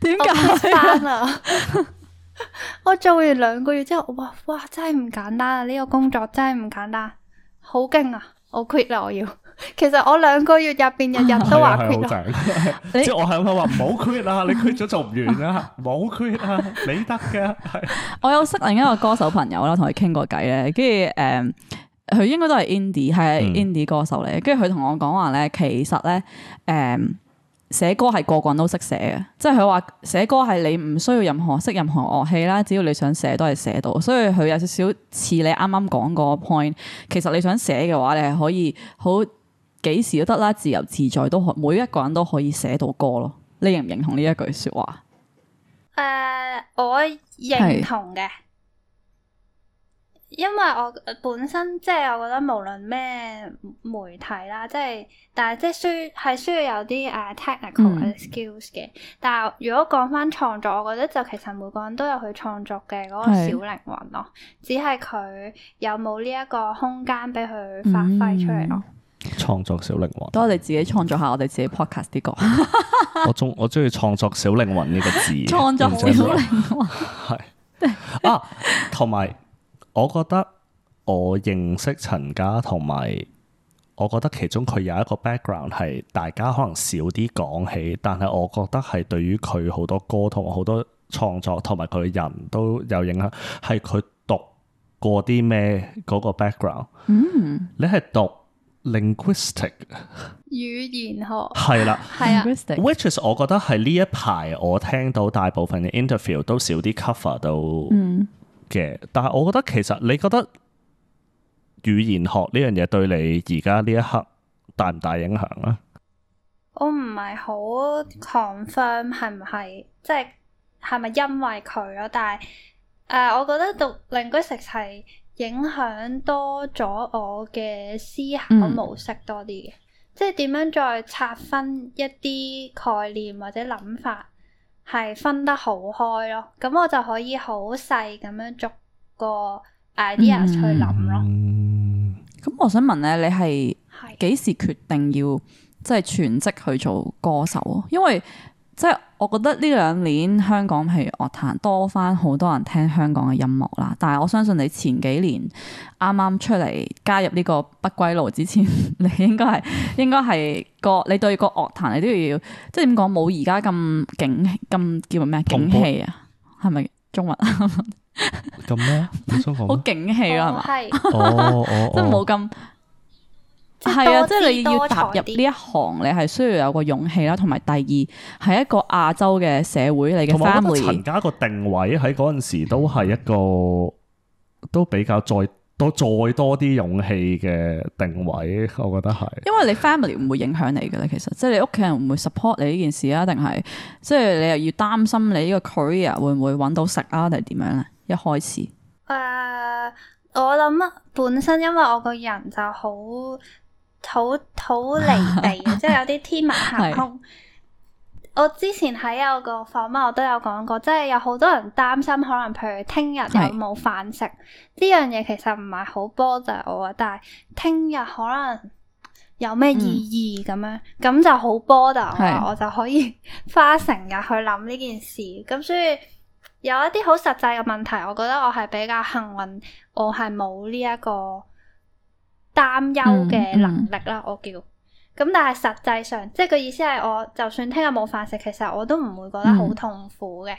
點解？我 quit 翻啦！ <laughs> <laughs> 我做完兩個月之後，我話：哇，真係唔簡單啊！呢個工作真係唔簡單，好勁啊！我 quit 啦，我要。其實我兩個月入邊日日都話 <laughs> <laughs> 即係我係咁樣話唔好 quit 啦，你 quit 咗做唔完啦、啊，唔好 quit 啦，你得嘅。我有識另一個歌手朋友啦，同佢傾過偈咧，跟住誒，佢、嗯、應該都係 indie 係 indie 歌手嚟，跟住佢同我講話咧，其實咧，誒、嗯，寫歌係個個人都識寫嘅，即係佢話寫歌係你唔需要任何識任何樂器啦，只要你想寫都係寫到，所以佢有少少似你啱啱講個 point，其實你想寫嘅話，你係可以好。幾時都得啦，自由自在都可，每一個人都可以寫到歌咯。你認唔認同呢一句說話？誒，uh, 我認同嘅，是因為我本身即係我覺得無論咩媒體啦，即係但係即係需係需要有啲誒、uh, technical skills 嘅，嗯。但係如果講返創作，我覺得就其實每個人都有佢創作嘅嗰個小靈魂咯，是只係佢有冇呢一個空間俾佢發揮出嚟咯。嗯創作小靈魂，等我哋自己創作下我哋自己 podcast 啲、這、歌、個。 <laughs> 我中我中意創作小靈魂呢個字。創 <laughs> 作小靈魂係 <laughs> 是 <laughs> 啊，同埋我覺得我認識陳家，同埋我覺得其中佢有一個 background 係大家可能少啲講起，但係我覺得係對於佢好多歌同好多創作，同埋佢人都有影響，係佢讀過啲咩嗰個 background。嗯，你係讀？Linguistic 語言學系啦，係啊 <laughs> 了 ingu，which is 我覺得係呢一排我聽到大部分嘅 interview 都少啲 cover 到嘅，嗯、但係我覺得其實你覺得語言學呢樣嘢對你而家呢一刻大唔大影響啊？我唔係好 confirm 係唔係即係係咪因為佢咯？但係誒、呃，我覺得讀 linguistics 系。影響多咗我嘅思考模式多啲嘅，嗯、即係點樣再拆分一啲概念或者諗法，係分得好開咯。咁我就可以好細咁樣逐個 idea 去諗咯。咁、嗯嗯、我想問咧，你係幾時決定要即係、就是、全職去做歌手啊？因為即係我覺得呢兩年香港譬如樂壇多翻好多人聽香港嘅音樂啦，但係我相信你前幾年啱啱出嚟加入呢個不歸路之前， <laughs> 你應該係應該係個你對個樂壇你都要即係點講，冇而家咁景咁叫咩咩景氣啊？係咪波中文咁咩？好 <laughs> 景氣係、啊、嘛？哦即係冇咁。係啊，即係你要踏入呢一行你係需要有個勇氣啦。同埋第二係一個亞洲嘅社會你嘅 family。CHANKA 個定位喺嗰陣時都係一個都比較再多再多啲勇氣嘅定位，我覺得係。因為你 family 唔會影響你嘅咧，其實即係你屋企人唔會 support 你呢件事啊，定係即係你又要擔心你呢個 career 會唔會搵到食啊，定係點樣咧？一開始。誒，uh, 我諗本身因為我個人就好。土土離地 <laughs> 即係有啲天馬行空。 <laughs> 是我之前喺有個訪問，我都有講過，即係有好多人擔心，可能譬如聽日有冇飯食呢樣嘢，其實唔係好 bored 我，但係聽日可能有咩意義咁樣，咁、嗯、就好 bored 是我就可以花成日去諗呢件事。咁所以有一啲好實際嘅問題，我覺得我係比較幸運，我係冇呢一個擔憂嘅能力啦，嗯嗯、我叫咁，但係實際上，即係個意思係，我就算聽日冇飯食，其實我都唔會覺得好痛苦嘅。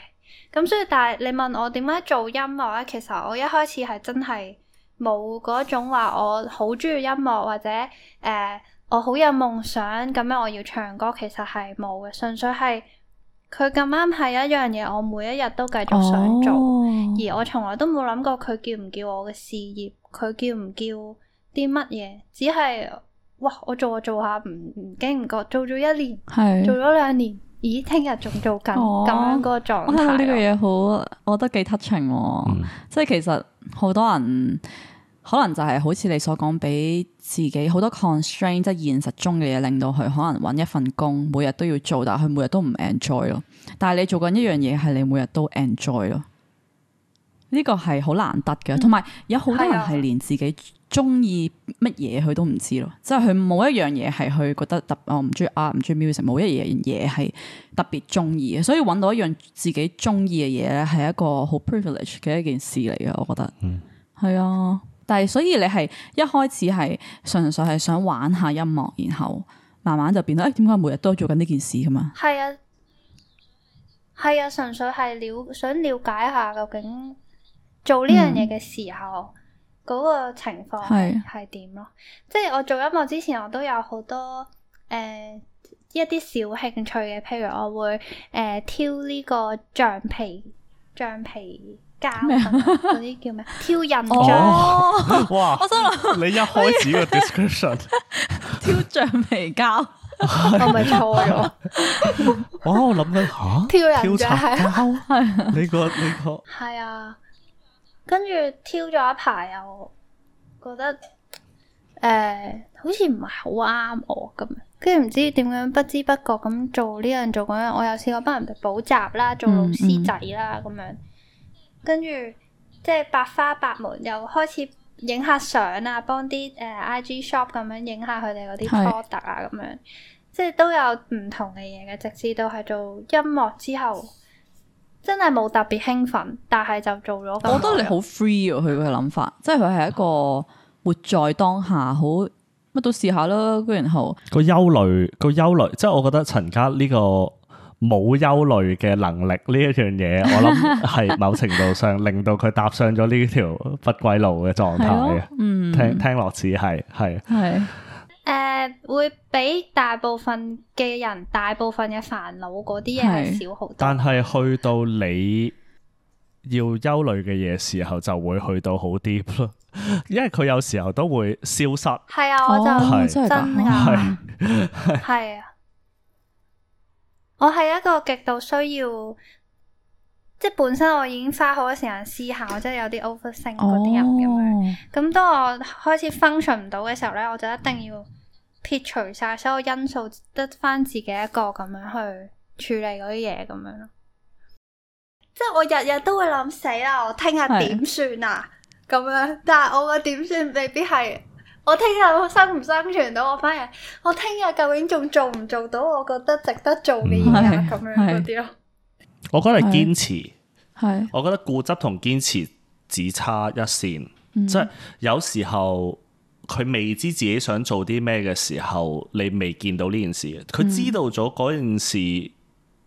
咁、嗯、所以，但係你問我點解做音樂咧？其實我一開始係真係冇嗰種話，我好中意音樂或者誒、呃，我好有夢想咁樣我要唱歌。其實係冇嘅，純粹係佢咁啱係一樣嘢，我每一日都繼續想做，哦、而我從來都冇諗過佢叫唔叫我嘅事業，佢叫唔叫？啲乜嘢？只係哇，我做，做下做下唔唔經唔覺，做咗一年，係做咗兩年，咦？聽日仲做緊咁樣個狀態。呢個嘢好，我覺得幾 touching。得嗯、即係其實好多人可能就係好似你所講，俾自己好多 constraint，即係現實中嘅嘢令到佢可能揾一份工，每日都要做，但係佢每日都唔 enjoy 咯。但係你做緊一樣嘢，係你每日都 enjoy 咯。呢個係好難得嘅，同埋、嗯、有好多人係連自己、嗯。中意乜嘢佢都唔知咯，即係佢冇一樣嘢係佢覺得特，我唔中意啊，唔中意 music，冇一樣嘢係特別中意嘅。所以揾到一樣自己中意嘅嘢咧，係一個好 privilege 嘅一件事嚟嘅，我覺得。嗯，係啊，但係所以你係一開始係純粹係想玩下音樂，然後慢慢就變咗誒，點解每日都做緊呢件事咁啊？係啊，係啊，純粹係了想了解下究竟做呢樣嘢嘅時候。嗯嗰個情況係點咯？即係我做音樂之前，我都有好多誒一啲小興趣嘅，譬如我會誒挑呢個橡皮橡皮膠嗰啲叫咩？挑印章哇！我想你一開始個 description 挑橡皮膠，我咪錯咗。哇！我諗諗下，挑印章膠，你個你個係啊。跟住挑咗一排，又覺得誒、呃、好似唔係好啱我咁。跟住唔知點樣，不知不覺咁做呢樣做嗰樣。我又試過幫人哋補習啦，做老師仔啦咁樣。嗯嗯、跟住即係百花百門，又開始影下相啊，幫啲誒 IG shop 咁樣影下佢哋嗰啲 product 啊咁樣。即係都有唔同嘅嘢嘅，直至到係做音樂之後。真係冇特別興奮，但係就做咗。我覺得你好 free 佢嘅諗法，即係佢係一個活在當下，好乜都試下咯。然後個憂慮，個憂慮，即係我覺得陳家呢個冇憂慮嘅能力呢一樣嘢， <laughs> 我諗係某程度上令到佢搭上咗呢條不歸路嘅狀態。嗯， <laughs> 聽聽落似係係係。 <laughs> 誒、呃，會比大部分嘅人，大部分嘅煩惱嗰啲嘢，少好多。是但係去到你要憂慮嘅嘢時候，就會去到好啲咯，因為佢有時候都會消失。係啊，我就、哦、是真係真係，係啊。我係一個極度需要。即係本身我已經花好多時間思考，即係有啲 overthink 嗰啲人咁樣。咁、哦、當我開始 function 唔到嘅時候咧，我就一定要撇除晒所有因素，得翻自己一個咁樣去處理嗰啲嘢咁樣咯。哦、即係我日日都會諗的死啦，我聽日點算啊？咁樣，但係我嘅點算未必係我聽日生唔生存到我翻嚟，我聽日究竟仲做唔做到？我覺得值得做嘅嘢啊，咁、嗯、樣嗰啲咯。的我覺得係堅持的。我覺得固執同堅持只差一線，嗯、即係有時候佢未知自己想做啲咩嘅時候，你未見到呢件事。佢知道咗嗰件事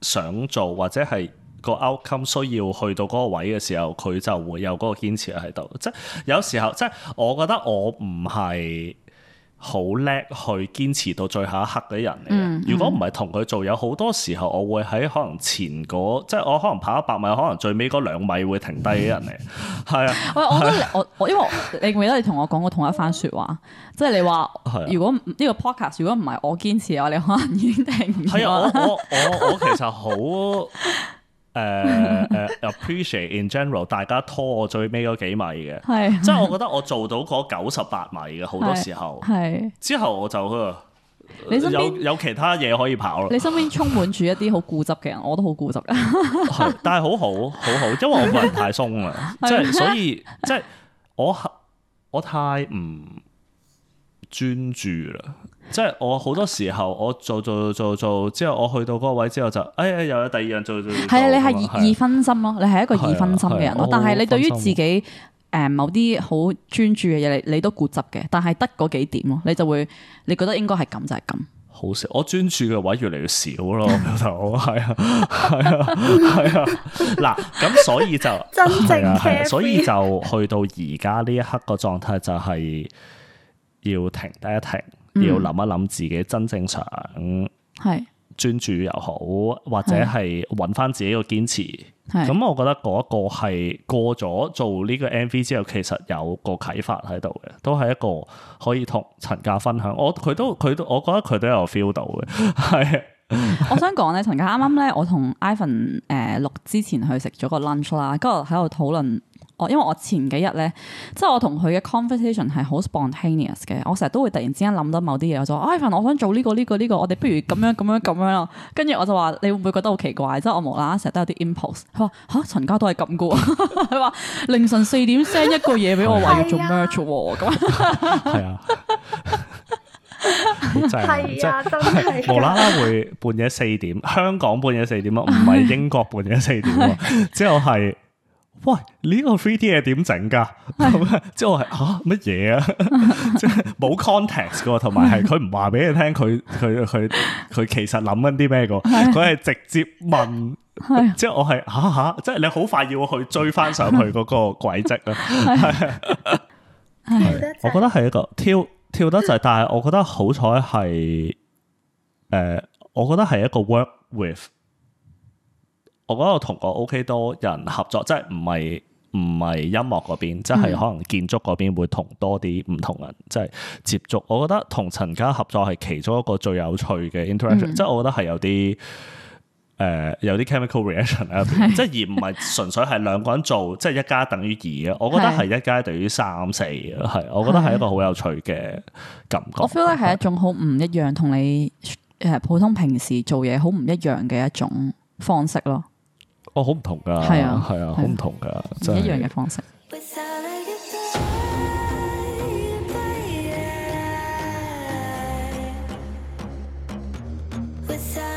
想做，或者係個 outcome 需要去到嗰個位嘅時候，佢就會有嗰個堅持喺度。即係有時候，即係我覺得我唔係，.好叻去堅持到最後一刻嘅人嚟嘅，如果唔係同佢做，有好多時候我會喺可能前嗰，即係我可能跑一百米，可能最尾嗰兩米會停低嘅人嚟。係、嗯、啊，喂我 <laughs> 我覺得我我因為你記得你同我講過同一番話、就是、說話，即係你話如果呢、這個 podcast 如果唔係我堅持，我哋可能已經停咗。係啊，我我我，我其實好。 <laughs> 誒誒、uh, uh，appreciate in general，大家拖我最尾嗰幾米嘅， <laughs> 即係我覺得我做到嗰九十八米嘅，好多時候 <laughs> 是之後我就，呃、你有有其他嘢可以跑啦。你身邊充滿住一啲好固執嘅人， <laughs> 我都好固執 <laughs> 但係好好好好，因為我個人太鬆啦，即係、 <laughs> 就是、所以即係、就是、我我太唔專注啦。即係我好多時候，我做做做做之後，我去到嗰個位之後就哎呀，又有第二樣做做係啊。你係易分心咯，你係一個易分心嘅人咯。但係你對於自己誒某啲好專注嘅嘢，你你都固執嘅，但係得嗰幾點咯，你就會你覺得應該係咁就係咁。好少，我專注嘅位越嚟越少咯。老豆係啊，係啊，係啊。嗱咁，所以就真正，所以就去到而家呢一刻個狀態就係要停低一停。嗯、要諗一諗自己真正想係專注又好，是或者係揾翻自己個堅持。咁是我覺得嗰個係過咗做呢個 MV 之後，其實有個啟發喺度嘅，都係一個可以同陳家分享。我佢都佢都，我覺得佢都有 feel 到嘅。係， <laughs> <laughs> 我想講咧，陳家啱啱咧，剛剛我同 Ivan 誒錄之前去食咗個 lunch 啦，跟住喺度討論。我因為我前幾日咧，即、就、係、是、我同佢嘅 conversation 係好 spontaneous 嘅，我成日都會突然之間諗到某啲嘢，我就話 Ivan，van，我想做呢、這個呢、這個呢、這個，我哋不如咁樣咁樣咁樣咯。跟住我就話：你會唔會覺得好奇怪？即係、就是、我無啦啦成日都有啲 impulse。佢話吓，陳家都係咁嘅，佢 <laughs> 話凌晨四點 send 一個嘢俾我話要做 merge 喎。咁係 <laughs> 啊，真係無啦啦會半夜四點，香港半夜四點啊，唔係英國半夜四點， <laughs> 之後係。喂，呢個 3D 嘢點整噶？是的 <laughs> 即係我係吓乜嘢啊？ <laughs> 即係冇 context 噶，同埋係佢唔話俾你聽，佢佢佢佢其實諗緊啲咩個？佢係是的 直接問，是的 即係我係吓吓，即係你好快要去追翻上去嗰個軌跡啊！我覺得係一個跳跳得滯，但係我覺得好彩係誒，我覺得係一個 work with。我覺得我同過 OK 多人合作，即係唔係唔係音樂嗰邊，嗯、即係可能建築嗰邊會同多啲唔同人即係接觸。我覺得同 CHANKA 合作係其中一個最有趣嘅 interaction，、嗯、即係我覺得係有啲誒、呃、有啲 chemical reaction 喺度，即係是而唔係純粹係兩個人做，即係 <laughs> 一加等於二啊！我覺得係一加等於三四，係我覺得係一個好有趣嘅感覺。是我 feel 係一種好唔一樣，同你誒普通平時做嘢好唔一樣嘅一種方式咯。哦，好唔同㗎，係啊的，係啊，好唔同㗎，唔一樣嘅方式。 <music>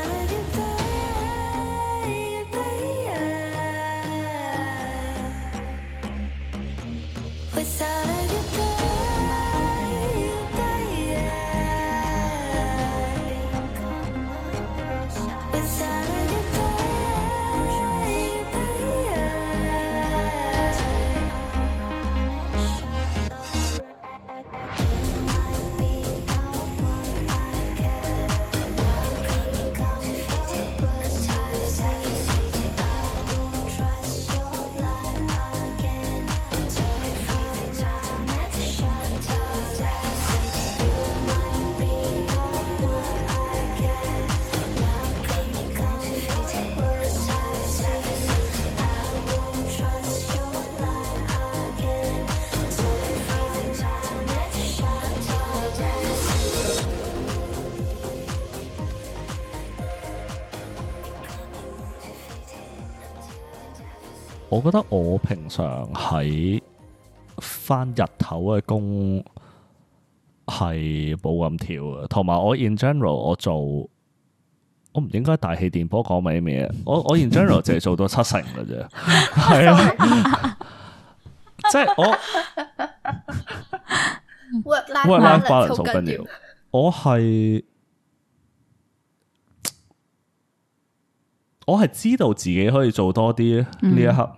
我覺得我平常喺返日頭嘅工係冇咁跳嘅，同埋我 in general 我做我唔應該大氣電波講咪咩，我我 in general 淨係做到七成嘅啫，係啊， <laughs> 即、就、係、是、我 work life balance 做不了，言語我係。我係知道自己可以做多啲呢、嗯、一刻，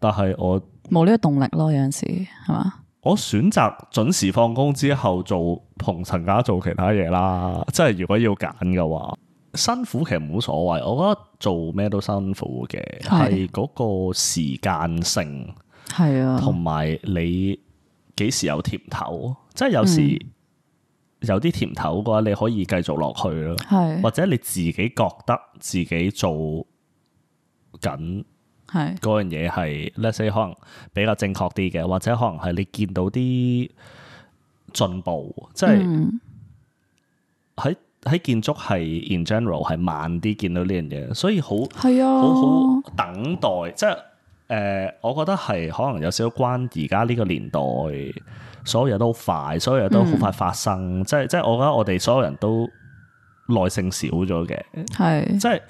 但係我冇呢個動力咯。有陣時係嘛，我選擇準時放工之後做同 CHANKA 做其他嘢啦。即係如果要揀嘅話，辛苦其實冇所謂。我覺得做咩都辛苦嘅，係嗰個時間性係啊，同埋你幾時有甜頭，即係有時。嗯有啲甜頭嘅話，你可以繼續落去咯。係是或者你自己覺得自己做緊係嗰樣嘢係，let’s say 可能比較正確啲嘅，或者可能係你見到啲進步，即係喺喺建築系 in general 係慢啲見到呢樣嘢，所以好係啊，好好等待。即係誒、呃，我覺得係可能有少少關而家呢個年代。所有嘢都好快，所有嘢都好快發生，嗯、即係即係我覺得我哋所有人都耐性少咗嘅，係是，即係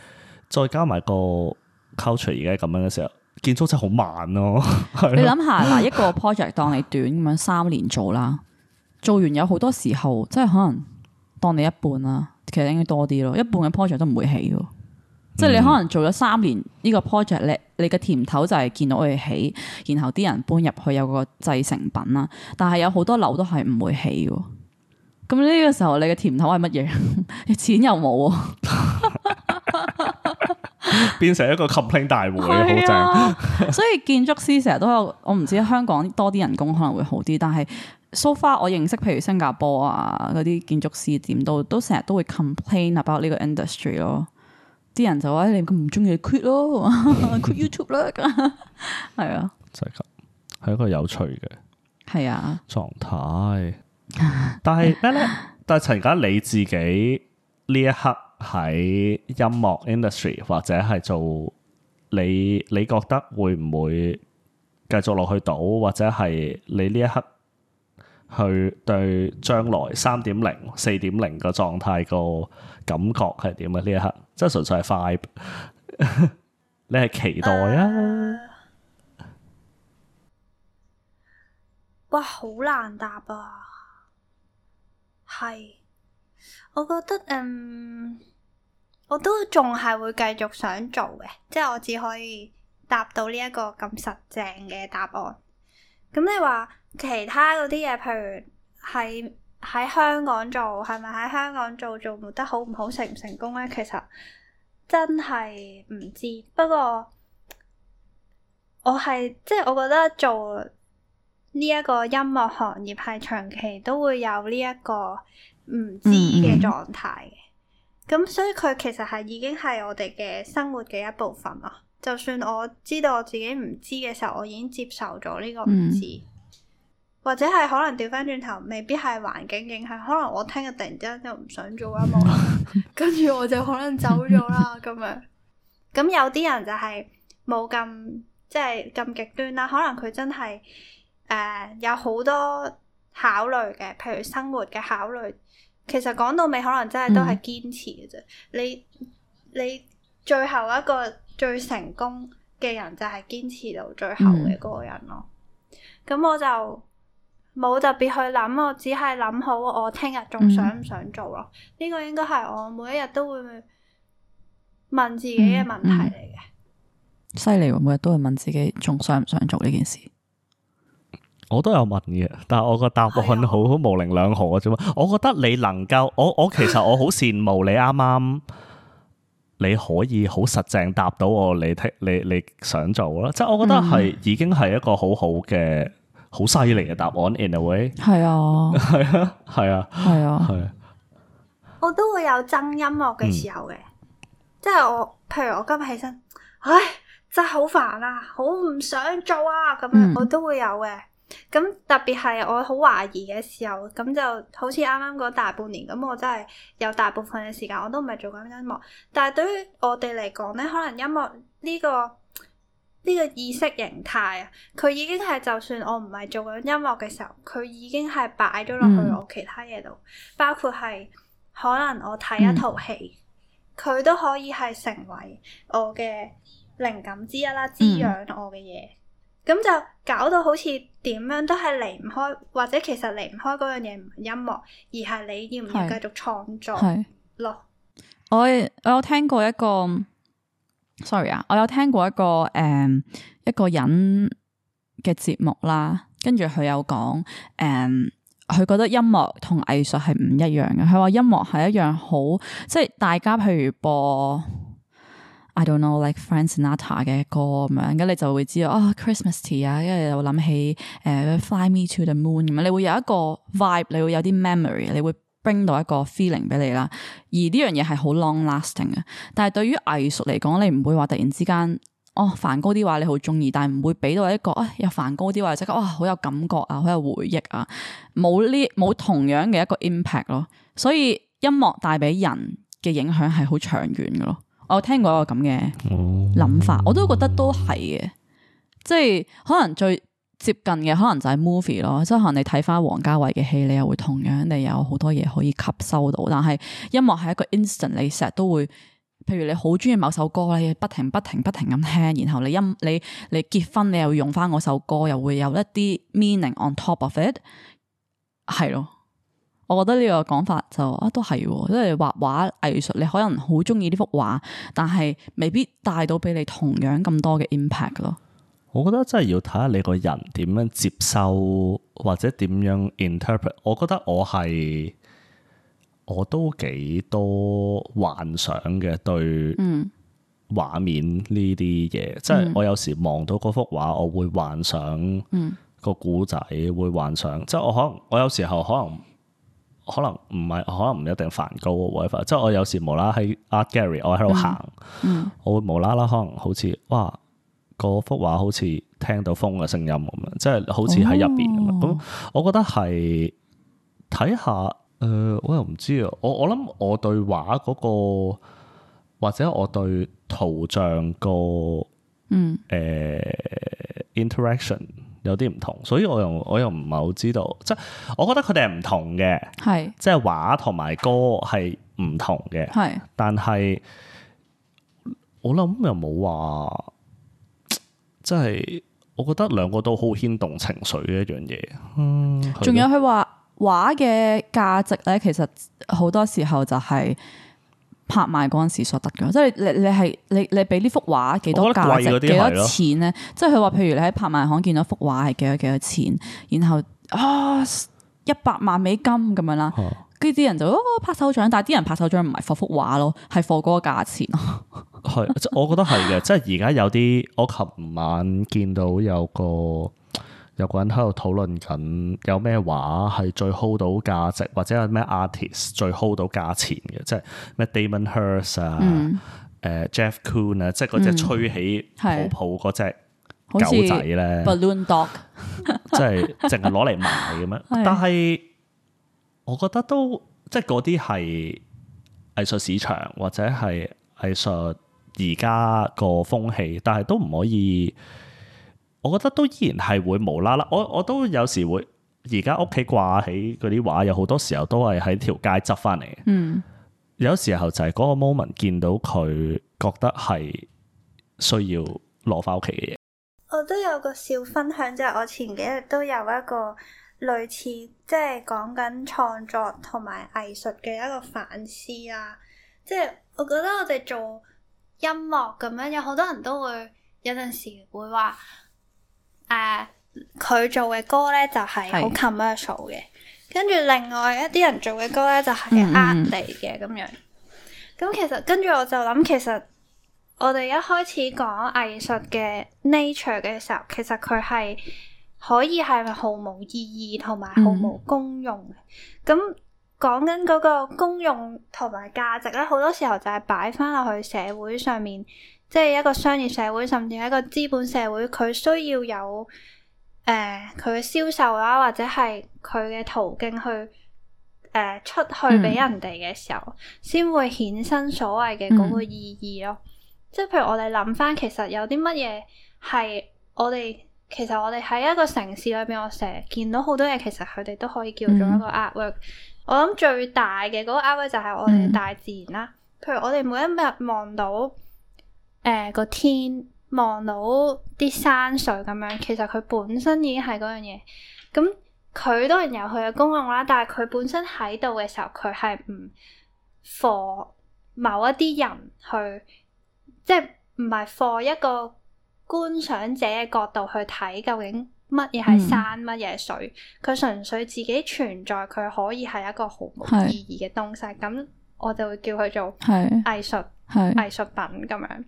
再加埋個 culture 而家咁樣嘅時候，建築真係好慢咯、哦。你諗下嗱， <laughs> 一個 project 當你短咁樣三年做啦，做完有好多時候，即係可能當你一半啦，其實應該多啲咯，一半嘅 project 都唔會起嘅。嗯、即係你可能做咗三年呢個 project 咧，你嘅甜頭就係見到佢起，然後啲人搬入去有個製成品。啦。但係有好多樓都係唔會起嘅，咁呢個時候你嘅甜頭係乜嘢？ <laughs> 錢又冇沒， <laughs> <laughs> 變成一個 complain 大會，好正。所以建築師成日都有，我唔知香港多啲人工可能會好啲，但係 so far 我認識譬如新加坡啊嗰啲建築師點都，都成日都會 complain about 呢個 industry 咯。啲人就話你唔中意 quit 咯，quit YouTube 啦，咁係啊，就係咁，係 <music> 一個有趣嘅狀態。但係咩咧？但係陳家你自己呢一刻喺音樂 industry 或者係做你，你覺得會唔會繼續落去到？或者係你呢一刻去對將來三點零、四點零嘅狀態個？感覺係點啊？呢一刻，即係純粹係快， <laughs> 你係期待啊！Uh, 哇，好難答啊！係，我覺得嗯，我都仲係會繼續想做嘅，即係我只可以答到呢一個咁實正嘅答案。咁你話其他嗰啲嘢，譬如係。喺香港做，係咪喺香港做，做得好唔好成唔成功咧？其實真係唔知。不過我係即係我覺得做呢一個音樂行業係長期都會有呢一個唔知嘅狀態嘅。咁、嗯、所以佢其實係已經係我哋嘅生活嘅一部分咯。就算我知道我自己唔知嘅時候，我已經接受咗呢個唔知。嗯或者係可能掉翻轉頭，未必係環境影響，可能我聽日突然之間就唔想做啊，冇， <laughs> 跟住我就可能走咗啦咁樣。咁有啲人就係冇咁即係咁極端啦，可能佢真係誒、呃、有好多考慮嘅，譬如生活嘅考慮。其實講到尾，可能真係都係堅持嘅啫。嗯、你你最後一個最成功嘅人就係堅持到最後嘅嗰個人咯。咁、嗯、我就。冇特別去諗，我只係諗好我聽日仲想唔想做咯。呢個應該係我每一日都會問自己嘅問題嚟嘅。犀利喎、嗯嗯，每日都會問自己仲想唔想做呢件事。我都有問嘅，但係我個答案好模棱兩可嘅啫嘛。哎、呦我覺得你能夠，我我其實我好羨慕你啱啱 <laughs> 你可以好實淨答到我，你聽你你，你想做啦，即係我覺得係、嗯、已經係一個好好嘅。好犀利嘅答案，in a way。係啊，係 <laughs> 啊，係啊，係啊。我都會有憎音樂嘅時候嘅，即係、嗯、我，譬如我今日起身，唉，真係好煩啊，好唔想做啊，咁樣、嗯、我都會有嘅。咁特別係我好懷疑嘅時候，咁就好似啱啱嗰大半年，咁我真係有大部分嘅時間我都唔係做緊音樂。但係對於我哋嚟講咧，可能音樂呢、這個。呢個意識形態啊，佢已經係就算我唔係做緊音樂嘅時候，佢已經係擺咗落去我其他嘢度，嗯、包括係可能我睇一套戲，佢都、嗯、可以係成為我嘅靈感之一啦，滋養我嘅嘢。咁、嗯、就搞到好似點樣都係離唔開，或者其實離唔開嗰樣嘢，唔係音樂，而係你要唔要繼續創作咯？我我有聽過一個。Sorry 啊，我有聽過一個誒、呃、一個人嘅節目啦，跟住佢有講，誒、呃、佢覺得音樂同藝術係唔一樣嘅。佢話音樂係一樣好，即係大家譬如播 I don't know like Frank Sinatra 嘅歌咁樣，咁你就會知道啊、哦、Christmas tree 啊，跟住又諗起誒 Fly me to the moon 咁樣，你會有一個 vibe，你會有啲 memory，你會。bring 到一個 feeling 俾你啦，而呢樣嘢係好 long lasting 嘅。但係對於藝術嚟講，你唔會話突然之間，哦，梵高啲畫你好中意，但係唔會俾到一個，誒、哎，又梵高啲畫即刻哇，好有感覺啊，好有回憶啊，冇呢，冇同樣嘅一個 impact 咯。所以音樂帶俾人嘅影響係好長遠嘅咯。我聽過一個咁嘅諗法，我都覺得都係嘅，即係可能最。接近嘅可能就係 movie 咯，即係可能你睇翻王家衛嘅戲，你又會同樣你有好多嘢可以吸收到。但係音樂係一個 instant，你成日都會，譬如你好中意某首歌，你不停不停不停咁聽，然後你音你你結婚你又會用翻嗰首歌，又會有一啲 meaning on top of it，係咯。我覺得呢個講法就啊都係，即係畫畫藝術，你可能好中意呢幅畫，但係未必帶到俾你同樣咁多嘅 impact 咯。我覺得真係要睇下你個人點樣接收或者點樣 interpret。我覺得我係我都幾多幻想嘅對畫面呢啲嘢，即係、嗯、我有時望到嗰幅畫，我會幻想個古仔，嗯、會幻想，即、就、係、是、我可能我有時候可能可能唔係，可能唔一定梵高，即係、就是、我有時無啦啦喺 Art Gallery 我喺度行，我會無啦啦可能好似哇～、嗯嗰幅畫好似聽到風嘅聲音咁樣，即係好似喺入邊咁。咁、oh。我覺得係睇下，誒、呃，我又唔知啊。我我諗我對畫嗰個或者我對圖像個誒、呃、interaction 有啲唔同，所以我又我又唔係好知道。即係我覺得佢哋係唔同嘅，係即係畫同埋歌係唔同嘅，係。但係我諗又冇話。真係，我覺得兩個都好牽動情緒嘅一樣嘢。嗯，仲有佢話畫嘅價值咧，其實好多時候就係拍賣嗰陣時所得嘅。即係你你係你你俾呢幅畫幾多價值幾多錢咧？即係佢話，譬如你喺拍賣行見到幅畫係幾多幾多錢，然後啊一百萬美金咁樣啦，跟住啲人就、哦、拍手掌，但係啲人拍手掌唔係放幅畫咯，係放嗰個價錢咯。 <laughs> 係，即 <laughs> 我覺得係嘅，即係而家有啲我琴晚見到有個有個人喺度討論緊，有咩畫係最 hold 到價值，或者係咩 artist 最 hold 到價錢嘅，即係咩 Damien Hirst 啊，誒、嗯呃、Jeff Koons 啊，即係嗰隻吹起泡泡嗰、嗯、 <laughs> 隻狗仔咧，Balloon Dog，即係淨係攞嚟賣咁咩？ <laughs> 是但係我覺得都即係嗰啲係藝術市場或者係藝術。而家個風氣，但係都唔可以，我覺得都依然係會無啦啦。我我都有時會，而家屋企掛起嗰啲畫，有好多時候都係喺條街執翻嚟。嗯，有時候就係嗰個 moment 見到佢，覺得係需要攞翻屋企嘅嘢。我都有個小分享，就係、是、我前幾日都有一個類似，即係講緊創作同埋藝術嘅一個反思啊。即、就、係、是、我覺得我哋做音樂咁樣，有好多人都會有陣時會話，誒，佢做嘅歌咧就係、是、好 commercial 嘅，跟住是另外一啲人做嘅歌咧就係 art 嚟嘅咁樣。咁、嗯嗯、其實跟住我就諗，其實我哋一開始講藝術嘅 nature 嘅時候，其實佢係可以係毫無意義同埋毫無功用嘅。咁講緊嗰個功用同埋價值咧，好多時候就係擺翻落去社會上面，即係一個商業社會，甚至係一個資本社會，佢需要有誒佢嘅銷售啦，或者係佢嘅途徑去誒、呃、出去俾人哋嘅時候，先、嗯、會衍生所謂嘅嗰個意義咯。嗯、即係譬如我哋諗翻，其實有啲乜嘢係我哋其實我哋喺一個城市裏邊，我成日見到好多嘢，其實佢哋都可以叫做一個 artwork。我諗最大嘅嗰個 out 就係我哋大自然啦，譬如我哋每一日望到誒個、呃、天，望到啲山水咁樣，其實佢本身已經係嗰樣嘢。咁佢當然有佢嘅功用啦，但係佢本身喺度嘅時候，佢係唔 for 某一啲人去，即係唔係 for 一個觀賞者嘅角度去睇究竟。乜嘢係山，乜嘢水，佢純、嗯、粹自己存在，佢可以係一個毫無意義嘅東西。咁是我就會叫佢做藝術、藝術是品咁樣。咁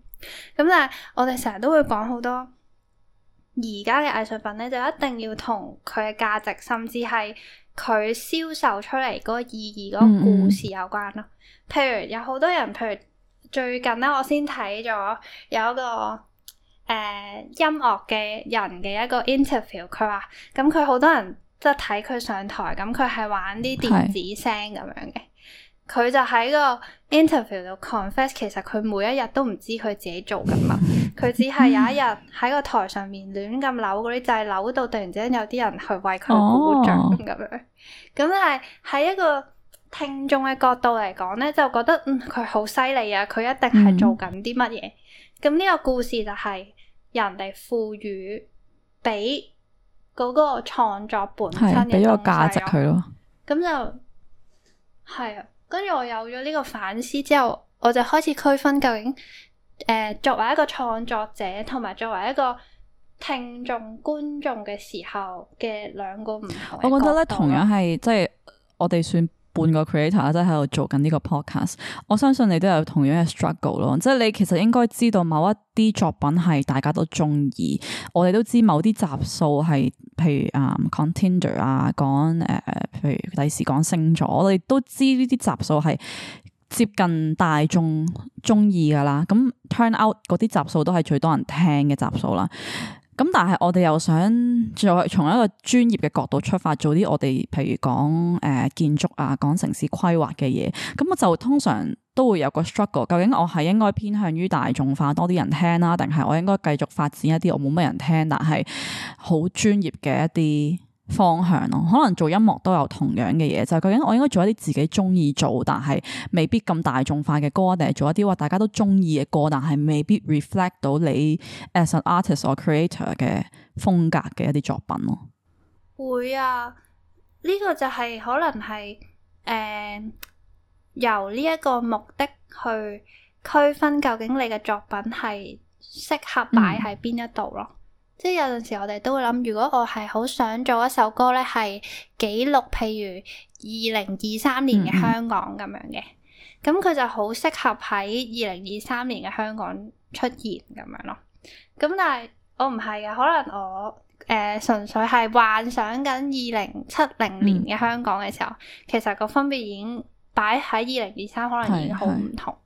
但係我哋成日都會講好多而家嘅藝術品咧，就一定要同佢嘅價值，甚至係佢銷售出嚟嗰個意義、嗰個故事有關咯。嗯嗯，譬如有好多人，譬如最近咧，我先睇咗有一個。誒，uh, 音樂嘅人嘅一個 interview，佢話咁佢好多人即係睇佢上台，咁佢係玩啲電子聲咁樣嘅。佢是就喺個 interview 度 confess，其實佢每一日都唔知佢自己做緊乜，佢 <laughs> 只係有一日喺個台上面亂咁扭嗰啲掣 <laughs> 扭到突然之間有啲人去為佢鼓掌咁、oh. 這樣。咁但係喺一個聽眾嘅角度嚟講咧，就覺得佢好犀利啊！佢、嗯、一定係做緊啲乜嘢？咁呢 <laughs> 個故事就係、是。人哋賦予俾嗰個創作本身嘅價值佢咯，咁就係啊。跟住我有咗呢個反思之後，我就開始區分究竟、呃、作為一個創作者同埋作為一個聽眾觀眾嘅時候嘅兩個唔同。我覺得咧，同樣係即係我哋算半個 creator 啦，即係喺度做緊呢個 podcast。我相信你都有同樣嘅 struggle 咯，即係你其實應該知道某一啲作品係大家都中意，我哋都知某啲集數係，譬如啊、um，contender 啊，講誒、呃，譬如第時講星座，我哋都知呢啲集數係接近大眾中意噶啦。咁 turn out 嗰啲集數都係最多人聽嘅集數啦。咁但係我哋又想，再從一個專業嘅角度出發，做啲我哋譬如講誒、呃、建築啊，講城市規劃嘅嘢，咁我就通常都會有個 struggle，究竟我係應該偏向於大眾化，多啲人聽啦、啊，定係我應該繼續發展一啲我冇乜人聽，但係好專業嘅一啲？方向咯，可能做音樂都有同樣嘅嘢，就係、是、究竟我應該做一啲自己鍾意做，但係未必咁大眾化嘅歌，定係做一啲話大家都鍾意嘅歌，但係未必 reflect 到你 as an artist or creator 嘅風格嘅一啲作品咯。會啊，呢、這個就係可能係誒、呃、由呢一個目的去區分究竟你嘅作品係適合擺喺邊一度咯。嗯即係有陣時，我哋都會諗，如果我係好想做一首歌咧，係記錄譬如二零二三年嘅香港咁樣嘅，咁佢、嗯、就好適合喺二零二三年嘅香港出現咁樣咯。咁但係我唔係嘅，可能我誒、呃、純粹係幻想緊二零七零年嘅香港嘅時候，嗯、其實個分別已經擺喺二零二三，可能已經好唔同。嗯嗯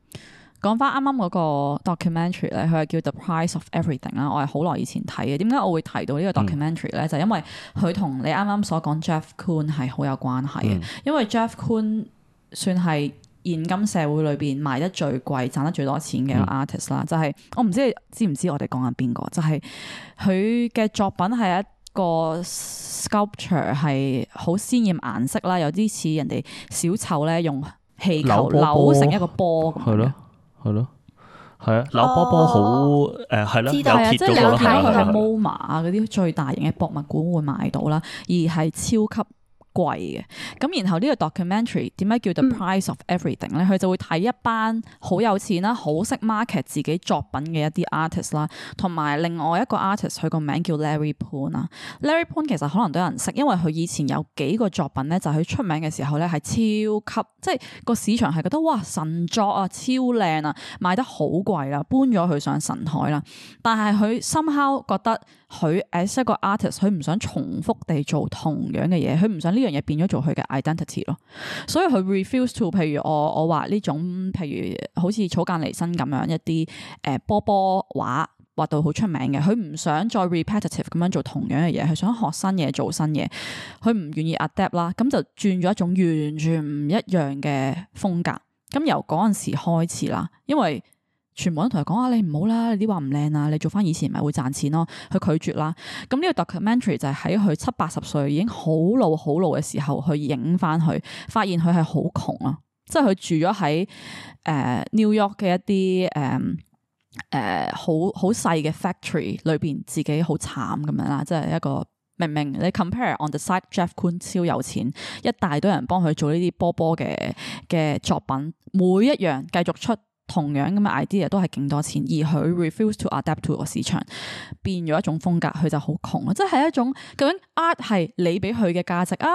講翻啱啱嗰個 documentary 咧，佢係叫《The Price of Everything》啦。我係好耐以前睇嘅，點解我會提到個呢個 documentary 咧？嗯、就因為佢同你啱啱所講 Jeff Koon 係好有關係嘅，嗯、因為 Jeff Koon、uh、算係現今社會裏邊賣得最貴、賺得最多錢嘅 artist 啦。就係我唔知你知唔知我哋講緊邊個？就係佢嘅作品係一個 sculpture，係好鮮豔顏色啦，有啲似人哋小丑咧用氣球扭成一個波咁樣。係咯，係啊，扭波波好，誒，係啦、哦，有撇咗啦。即係你有睇佢係 MoMA 啊嗰啲最大型嘅博物館會買到啦，而係超級。貴嘅，咁然後呢個 documentary 點解叫做 The Price of Everything 咧？佢、嗯、就會睇一班好有錢啦、好識 market 自己作品嘅一啲 artist 啦，同埋另外一個 artist，佢個名叫 Larry Poon 啦。Larry Poon 其實可能都有人識，因為佢以前有幾個作品咧，就佢、係、出名嘅時候咧係超級，即係個市場係覺得哇神作啊，超靚啊，賣得好貴啦，搬咗佢上神枱啦。但係佢 somehow 覺得。佢 as 一個 artist，佢唔想重複地做同樣嘅嘢，佢唔想呢樣嘢變咗做佢嘅 identity 咯。所以佢 refuse to，譬如我我畫呢種，譬如好似草間彌生咁樣一啲誒波波畫畫到好出名嘅，佢唔想再 repetitive 咁樣做同樣嘅嘢，佢想學新嘢做新嘢，佢唔願意 adapt 啦，咁就轉咗一種完全唔一樣嘅風格。咁由嗰陣時開始啦，因為。全部人都同佢講啊！你唔好啦，你啲話唔靚啊！你做翻以前咪會賺錢咯。佢拒絕啦。咁呢個 documentary 就係喺佢七八十歲已經好老好老嘅時候去影翻佢，發現佢係好窮啊！即係佢住咗喺誒 New York 嘅一啲誒誒好好細嘅 factory 裏邊，自己好慘咁樣啦。即係一個明明你 compare on the side，Jeff Koons、uh、超有錢，一大堆人幫佢做呢啲波波嘅嘅作品，每一樣繼續出。同樣咁嘅 idea 都係勁多錢，而佢 refuse to adapt to 個市場，變咗一種風格，佢就好窮咯。即係一種究竟 art 係你俾佢嘅價值啊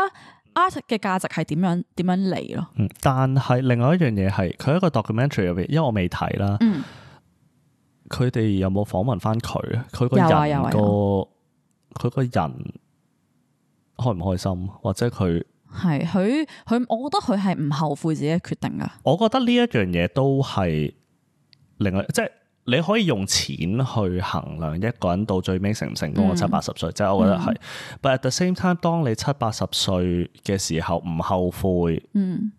，art 嘅價值係點樣點樣嚟咯、嗯？但係另外一樣嘢係佢一個 documentary 入邊，因為我未睇啦。佢哋、嗯、有冇訪問返佢？佢個人個佢個人，啊啊、人開唔開心？或者佢？係佢佢，我覺得佢係唔後悔自己嘅決定㗎。我覺得呢一樣嘢都係另外，即係你可以用錢去衡量一個人到最尾成唔成功。我七八十歲，嗯、即係我覺得係。嗯、But at the same time，當你七八十歲嘅時候，唔後悔。嗯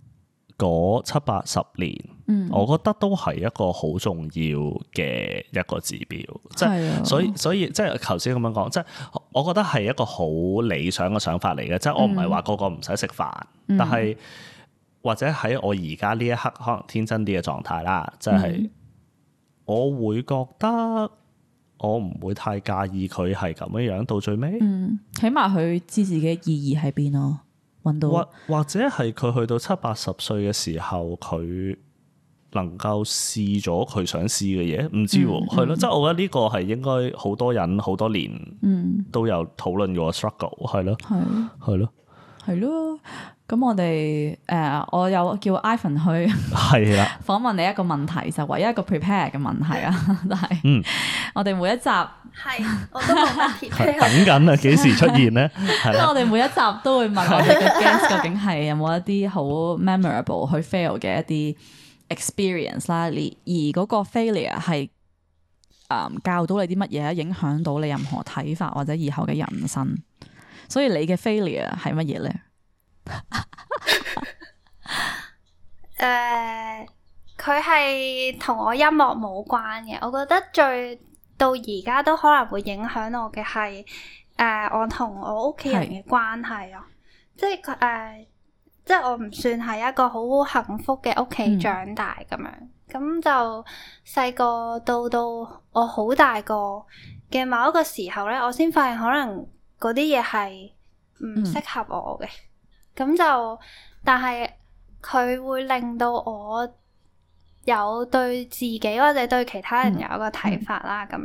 嗰七八十年，嗯、我覺得都係一個好重要嘅一個指標，嗯、即係所以所以即係頭先咁樣講，即係我覺得係一個好理想嘅想法嚟嘅，嗯、即係我唔係話個個唔使食飯，嗯、但係或者喺我而家呢一刻可能天真啲嘅狀態啦，即係、嗯、我會覺得我唔會太介意佢係咁樣樣到最尾、嗯，起碼佢知自己意義喺邊咯。或或者係佢去到七八十歲嘅時候，佢能夠試咗佢想試嘅嘢，唔知喎，係咯，即係我覺得呢個係應該好多人好多年，嗯，了嗯都有討論過 struggle，係咯、嗯，係咯。的係咯，咁我哋誒、呃，我有叫 Ivan 去係啦的，訪問你一個問題，就唯一一個 prepare 嘅問題啊，都係的，嗯，我哋每一集係我都等緊啊，幾時出現咧？咁我哋每一集都會問我哋個 guest< 的>，的究竟係有冇一啲好 memorable 去 fail 嘅一啲 experience 啦？而嗰個 failure 係誒教到你啲乜嘢，影響到你任何睇法或者以後嘅人生？所以你嘅 failure 係乜嘢咧？誒，佢係同我音樂冇關嘅。我覺得最到而家都可能會影響我嘅係誒，uh, 我同我屋企人嘅關係咯、啊。是即係誒，uh, 即係我唔算係一個好幸福嘅屋企長大咁樣。咁、嗯、就細個到到我好大個嘅某一個時候咧，我先發現可能，嗰啲嘢係唔適合我嘅，咁、嗯、就但係佢會令到我有對自己或者對其他人有一個睇法啦。咁、嗯、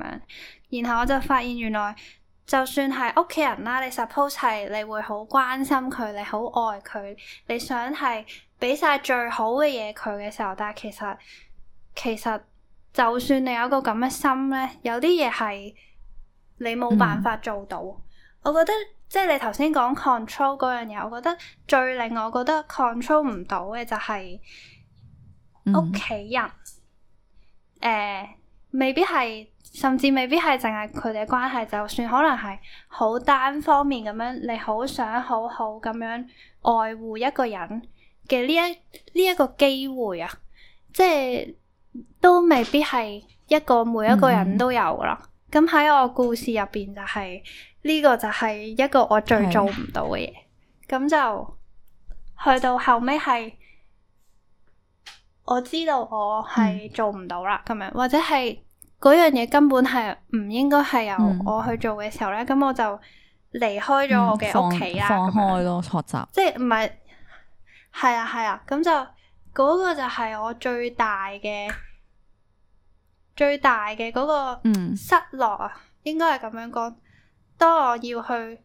樣，然後我就發現原來就算係屋企人啦，你 suppose 係你會好關心佢，你好愛佢，你想係俾晒最好嘅嘢佢嘅時候，但係其實其實就算你有一個咁嘅心咧，有啲嘢係你冇辦法做到。嗯我覺得即係你頭先講 control 嗰樣嘢，我覺得最令我覺得 control 唔到嘅就係屋企人，誒、嗯哼呃，未必係，甚至未必係淨係佢哋嘅關係，就算可能係好單方面咁樣，你好想好好咁樣愛護一個人嘅呢一呢一，呢個機會啊，即係都未必係一個每一個人都有㗎喇。咁喺、嗯、哼我故事入邊就係、是。呢個就係一個我最做唔到嘅嘢，咁的就去到後尾，係我知道我係做唔到啦，咁、嗯、樣或者係嗰樣嘢根本係唔應該係由我去做嘅時候咧，咁、嗯、我就離開咗我嘅屋企啦，放，樣放開咯，學習即係唔係係啊係啊，咁、啊啊、就嗰個就係我最大嘅、嗯、最大嘅嗰個失落啊，應該係咁樣講。當我要去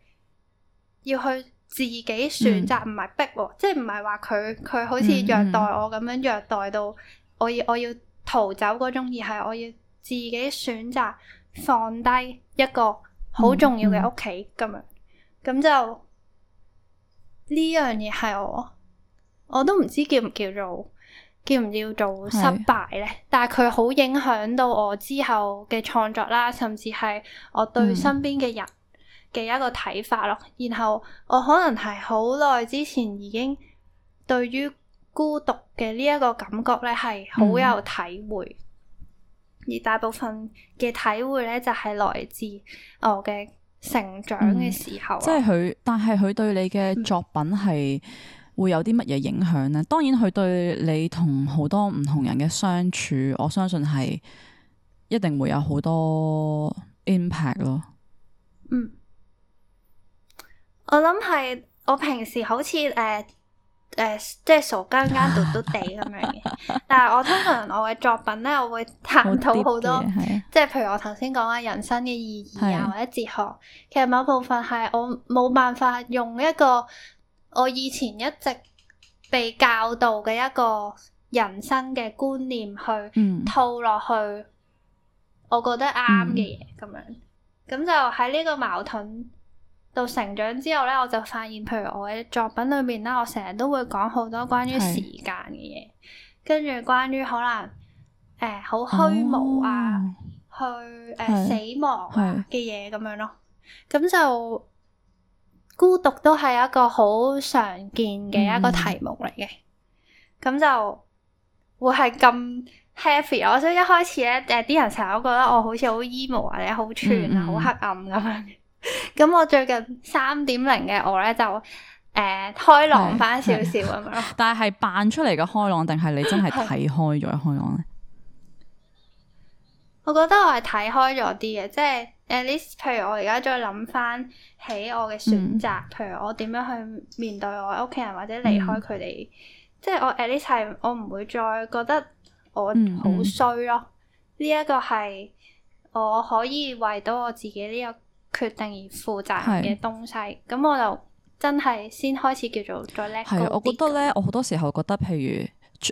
要去自己選擇，唔係，嗯，逼喔，即係唔係話佢佢好似虐待我咁樣，嗯嗯，虐待到我要我要逃走嗰種，而係我要自己選擇放低一個好重要嘅屋企咁樣，咁就呢樣嘢係我我都唔知叫唔叫做叫唔叫做失敗咧，是但係佢好影響到我之後嘅創作啦，甚至係我對身邊嘅人、嗯。嘅一個睇法咯，然後我可能係好耐之前已經對於孤獨嘅呢一個感覺呢，係好有體會。嗯、而大部分嘅體會呢，就係來自我嘅成長嘅時候。嗯、即係佢，但係佢對你嘅作品係會有啲乜嘢影響呢？嗯、當然佢對你同好多唔同人嘅相處，我相信係一定會有好多 impact 咯。嗯。嗯。我諗係我平時好似誒誒，即係傻更更讀讀地咁樣嘅， <laughs> 但係我通常我嘅作品咧，我會探討好多，即係譬如我頭先講嘅人生嘅意義啊，或者哲學，是其實某部分係我冇辦法用一個我以前一直被教導嘅一個人生嘅觀念去套落去，我覺得啱嘅嘢咁樣，咁就喺呢個矛盾。到成長之後咧，我就發現，譬如我嘅作品裏面啦，我成日都會講好多關於時間嘅嘢，是跟住關於可能誒好、呃、虛無啊，哦、去誒、呃、是死亡嘅嘢咁樣咯。咁就孤獨都係一個好常見嘅一個題目嚟嘅。咁、嗯、就會係咁 happy。我想一開始咧，誒啲人成日都覺得我好似好 emo 或者好串啊，好、嗯嗯、黑暗咁樣。咁我最近三點零嘅我咧就誒、呃、開朗翻少少咁咯，但係係扮出嚟嘅開朗，定係你真係睇開咗開朗咧？ <laughs> 我覺得我係睇開咗啲嘅，即係 at least，譬如我而家再諗翻起我嘅選擇，嗯、譬如我點樣去面對我屋企人或者離開佢哋，嗯、即係我 at least 係我唔會再覺得我好衰咯。呢一個係我可以為到我自己呢、呢個決定而負責嘅東西，咁的我就真係先開始叫做再叻高啲。係啊，我覺得咧，我好多時候覺得，譬如，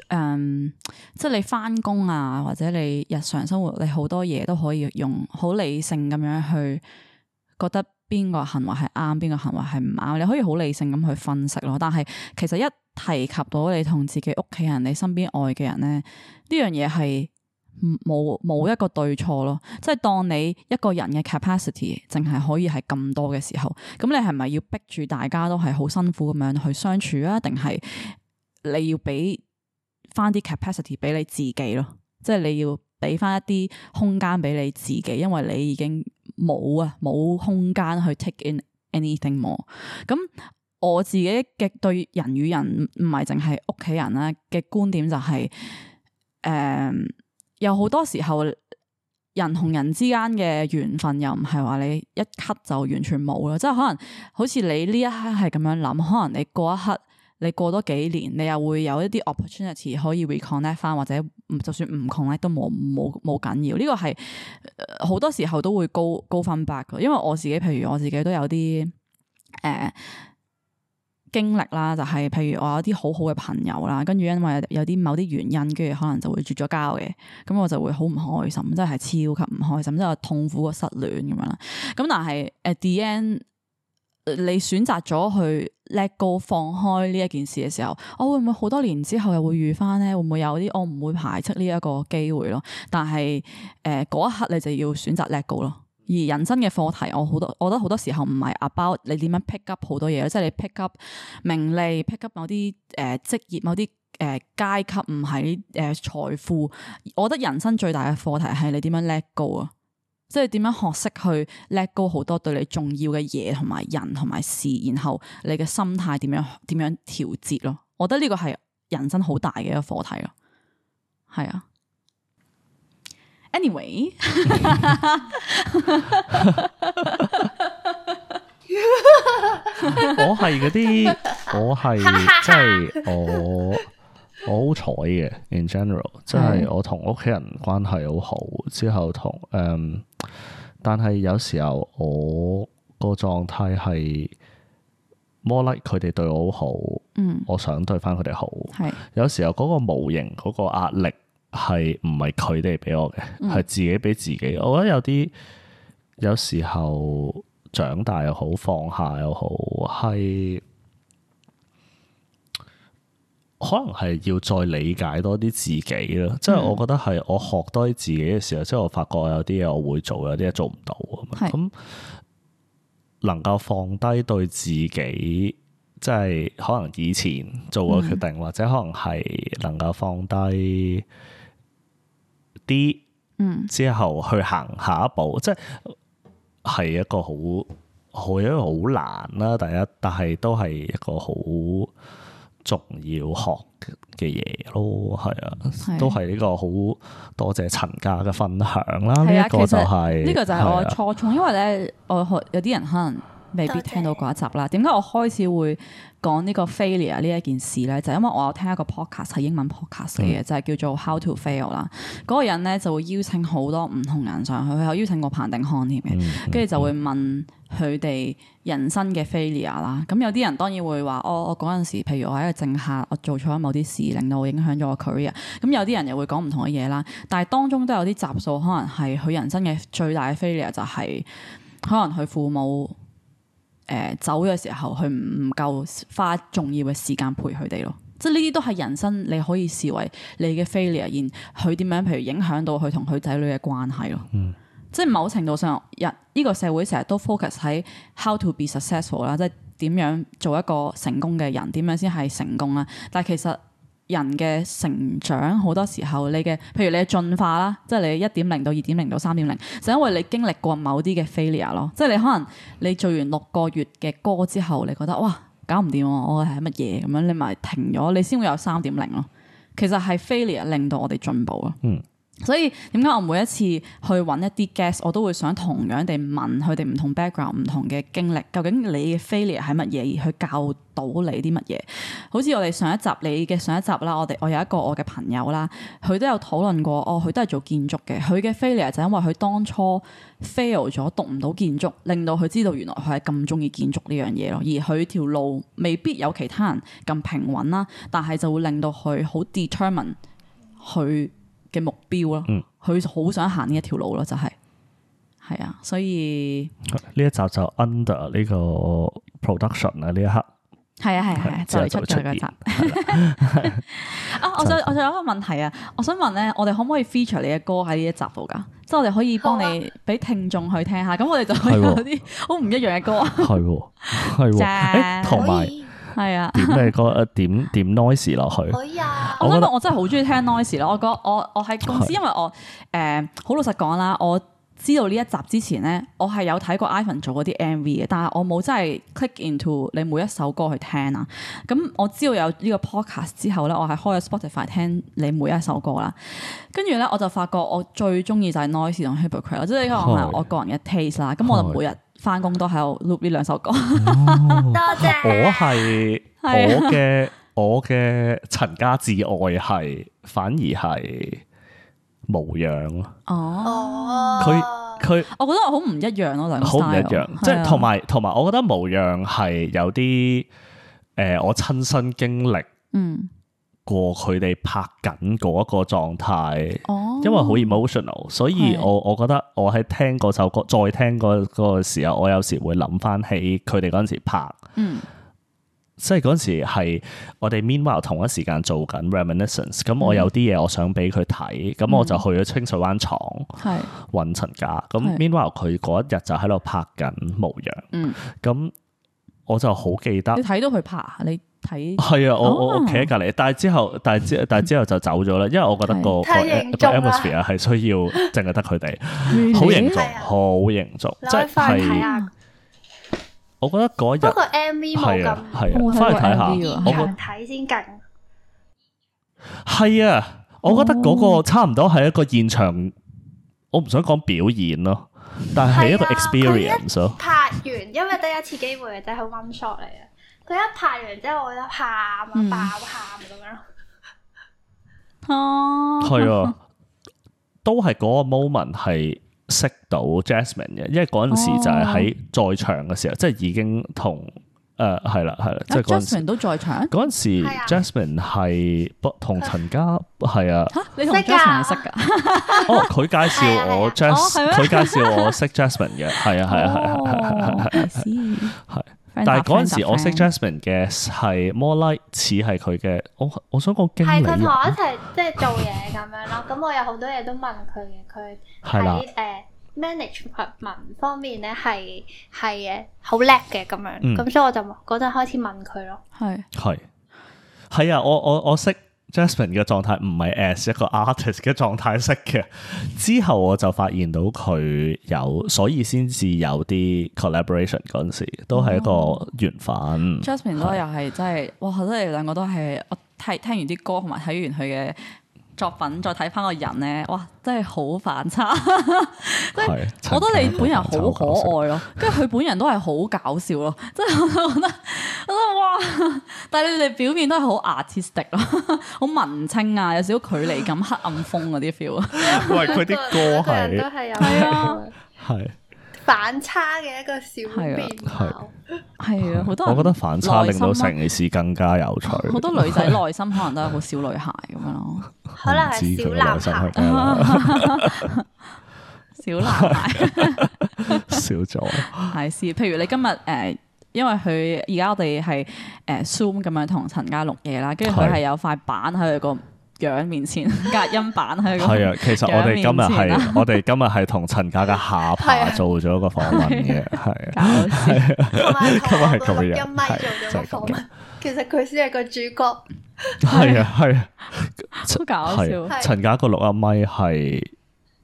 嗯、呃，即係你翻工啊，或者你日常生活，你好多嘢都可以用好理性咁樣去覺得邊個行為係啱，邊個行為係唔啱，你可以好理性咁去分析咯。但係其實一提及到你同自己屋企人、你身邊愛嘅人咧，呢樣嘢係。冇冇一個對錯咯，即係當你一個人嘅 capacity 淨係可以係咁多嘅時候，咁你係咪要逼住大家都係好辛苦咁樣去相處啊？定係你要俾翻啲 capacity 俾你自己咯？即係你要俾翻一啲空間俾你自己，因為你已經冇啊，冇空間去 take in anything more。咁我自己嘅對人與人唔唔係淨係屋企人咧嘅觀點就係、是、誒。嗯有好多時候，人同人之間嘅緣分又唔係話你一 cut 就完全冇咯，即係可能好似你呢一刻係咁樣諗，可能你過一刻，你過多幾年，你又會有一啲 opportunity 可以 reconnect 翻，或者唔就算唔 connect 都冇冇冇緊要。呢、這個係好、呃、多時候都會高高分百嘅，因為我自己，譬如，我自己都有啲誒。呃經歷啦，就係、是、譬如我有啲好好嘅朋友啦，跟住因為有啲某啲原因，跟住可能就會絕咗交嘅，咁我就會好唔開心，真係超級唔開心，即係痛苦過失戀咁樣啦。咁但係誒 the end 你選擇咗去 let go 放開呢一件事嘅時候，我會唔會好多年之後又會遇翻呢？會唔會有啲我唔會排斥呢一個機會咯？但係誒，嗰、呃、一刻你就要選擇 let go 咯。而人生嘅課題，我好多，我覺得好多時候唔係 about 你點樣 pick up 好多嘢，即係你 pick up 名利，pick up 某啲誒、呃、職業，某啲誒、呃、階級，唔係誒財富。我覺得人生最大嘅課題係你點樣 let go 啊！即係點樣學識去 let go 好多對你重要嘅嘢同埋人同埋事，然後你嘅心態點樣點樣調節咯？我覺得呢個係人生好大嘅一個課題咯，係啊。Anyway， <laughs> <laughs> 我係啲，我係即係我我好彩嘅。In general，即係我同屋企人關係好好，之後同誒、嗯，但係有時候我個狀態係 more like 佢哋對我好好。嗯，我想對翻佢哋好。係是，有時候個無形、嗰個壓力。係唔係佢哋俾我嘅？係自己俾自己。嗯、我覺得有啲有時候，長大又好，放下又好，係可能係要再理解多啲自己咯。即係我覺得係我學多啲自己嘅時候，即係、嗯、我發覺我有啲嘢我會做，有啲嘢，做唔到啊嘛。咁是能夠放低對自己，即係可能以前做嘅決定，嗯、或者可能係能夠放低。啲嗯，之後去行下一步，即係一個好，好，一個好難啦。第一，但係都係一個好重要學嘅嘢咯。係啊，啊都係呢個好多謝陳家嘅分享啦。呢、啊、個就係、是、呢個就係我嘅初衷，啊、因為咧我學有啲人可能。未必聽到嗰一集啦。點解我開始會講呢個 failure 呢一件事咧？就因為我有聽一個 podcast 係英文 podcast 嘅嘢，就係叫做 How to Fail 啦。嗰個人咧就會邀請好多唔同人上去，佢有邀請過彭定康添嘅，跟住、嗯嗯、就會問佢哋人生嘅 failure 啦。咁有啲人當然會話、哦：我我嗰陣時，譬如我係一個政客，我做錯咗某啲事，令到我影響咗我 career。咁有啲人又會講唔同嘅嘢啦。但係當中都有啲集數，可能係佢人生嘅最大嘅 failure，就係可能佢父母。誒走嘅時候，佢唔夠花重要嘅時間陪佢哋咯，即係呢啲都係人生你可以視為你嘅 failure，然佢點樣，譬如影響到佢同佢仔女嘅關係咯。嗯，即係某程度上，人、這、呢個社會成日都 focus 喺 how to be successful 啦，即係點樣做一個成功嘅人，點樣先係成功啦。但係其實。人嘅成長好多時候你，你嘅譬如你嘅進化啦，即係你一點零到二點零到三點零，就因為你經歷過某啲嘅 failure 咯，即係你可能你做完六個月嘅歌之後，你覺得，哇搞唔掂喎，我係乜嘢咁樣，你咪停咗，你先會有三點零咯。其實係 failure 令到我哋進步啊。嗯。所以點解我每一次去揾一啲 guest，我都會想同樣地問佢哋唔同 background、唔同嘅經歷，究竟你嘅 failure 係乜嘢，而去教到你啲乜嘢？好似我哋上一集你嘅上一集啦，我哋我有一個我嘅朋友啦，佢都有討論過，哦，佢都係做建築嘅，佢嘅 failure 就因為佢當初 fail 咗讀唔到建築，令到佢知道原來佢係咁中意建築呢樣嘢咯，而佢條路未必有其他人咁平穩啦，但係就會令到佢好 determine 佢。嘅目標咯，嗯，佢好想行呢一條路咯，就係，係啊，所以呢一集就 under 呢個 production 啊，呢一刻，係啊係啊，就出咗呢一集啊！我想我想有一個問題啊，我想問咧，我哋可唔可以 feature 你嘅歌喺呢一集度噶？即係 <laughs> 我哋可以幫你俾聽眾去聽下，咁、啊、我哋就會有啲好唔一樣嘅歌，係喎係喎，同 <laughs> 埋。係是啊點，點咩歌？點 noise 落去？可以啊！我覺得我真係好中意聽 noise 咯。我覺我我喺公司，因為我誒好、呃、老實講啦，我知道呢一集之前咧，我係有睇過 Ivan 做嗰啲 MV 嘅，但係我冇真係 click into 你每一首歌去聽啊。咁我知道有呢個 podcast 之後咧，我係開咗 Spotify 聽你每一首歌啦。跟住咧，我就發覺我最中意就係 noise 同 hypercute，即係可能我個人嘅 taste 啦。咁我就每日翻工都喺度錄呢兩首歌，多謝。我係我嘅我嘅陳家志愛係，反而係無恙咯。哦，佢佢，我覺得好唔一樣咯，啊，兩個好唔一樣，啊，即係同埋同埋，我覺得無恙係有啲誒、呃，我親身經歷，嗯。過佢哋拍緊嗰一個狀態，oh, 因為好 emotional，所以我我覺得我喺聽嗰首歌，再聽嗰嗰個時候，我有時會諗翻起佢哋嗰陣時拍，mm. 即係嗰陣時係我哋 meanwhile 同一時間做緊 reminiscence，咁我有啲嘢我想俾佢睇，咁我就去咗清水灣廠，係揾陳家，咁 meanwhile 佢嗰一日就喺度拍緊《模樣》，嗯，咁我就好記得，你睇到佢拍你。睇係啊！我我企喺隔離，但係之後，但係之但係之後就走咗啦，因為我覺得、嗰個、啊嗰個 atmosphere 係需要淨係得佢哋，好凝重，好凝、 <laughs> 啊、重，即係是度我覺得嗰日不過 MV 係啊，夢啊，翻去睇下，我覺得睇先勁。係啊，我覺得嗰個差唔多係一個現場，哦、我唔想講表演咯，但係一個 experience 咯。拍完，因為得一次機會，就係 one shot 嚟啊！佢一拍完之後，我就喊啊，爆喊咁樣咯。哦，係啊，都係嗰個 moment 係識到 Jasmine 嘅，因為嗰陣時就係喺在場嘅時候，即係已經同誒係啦係啦，即係嗰陣時 Jasmine 都在場。嗰陣時 Jasmine 係不同陳家係啊，你同 Jasmine 識噶？哦，佢介紹我 Jasmine，佢介紹我識 Jasmine 嘅，係啊係啊係啊係啊係啊係係。但係嗰陣時我 like，我識 Jasmine 嘅係 more like 似係佢嘅，我我想講經理。係佢同我一齊即係做嘢咁樣咯，咁 <laughs> 我有好多嘢都問佢嘅，佢喺誒 management 方面咧係係誒好叻嘅咁樣，咁、嗯、所以我就嗰陣開始問佢咯。係係係啊！我我我識。Jasmine 嘅狀態唔係 as 一個 artist 嘅狀態識嘅，之後我就發現到佢有，所以先至有啲 collaboration 嗰陣時，都係一個緣分，哦。Jasmine 都又係真係，哇！覺得你哋兩個都係，我聽聽完啲歌同埋睇完佢嘅作品再睇翻個人咧，哇，真係好反差！即 <laughs> 係的是我覺得你本人好可愛咯，跟住佢本人都係好搞笑咯，即係我覺得，我覺得哇！但係你哋表面都係好 artistic 咯，好文青啊，有少少距離感、黑暗風嗰啲 feel 啊。喂，佢啲歌係都係有，係。反差嘅一個小變貌，係啊，好多我覺得反差令到成件事更加有趣。好的多女仔內心可能都係好小女孩咁樣咯， <laughs> 可能係小男，小男孩，笑咗。係，是。譬如你今日誒，因為佢而家我哋係誒 Zoom 咁樣同陳家錄嘢啦，跟住佢係有塊板喺佢、嗰個。面前隔音板喺度。係啊，其實我哋今日係我哋今日係同陳家嘅下巴做咗個訪問嘅，係搞笑，同埋同阿錄音咪做咗訪問。其實佢先係個主角。係啊係啊，真搞笑。陳家個錄音咪係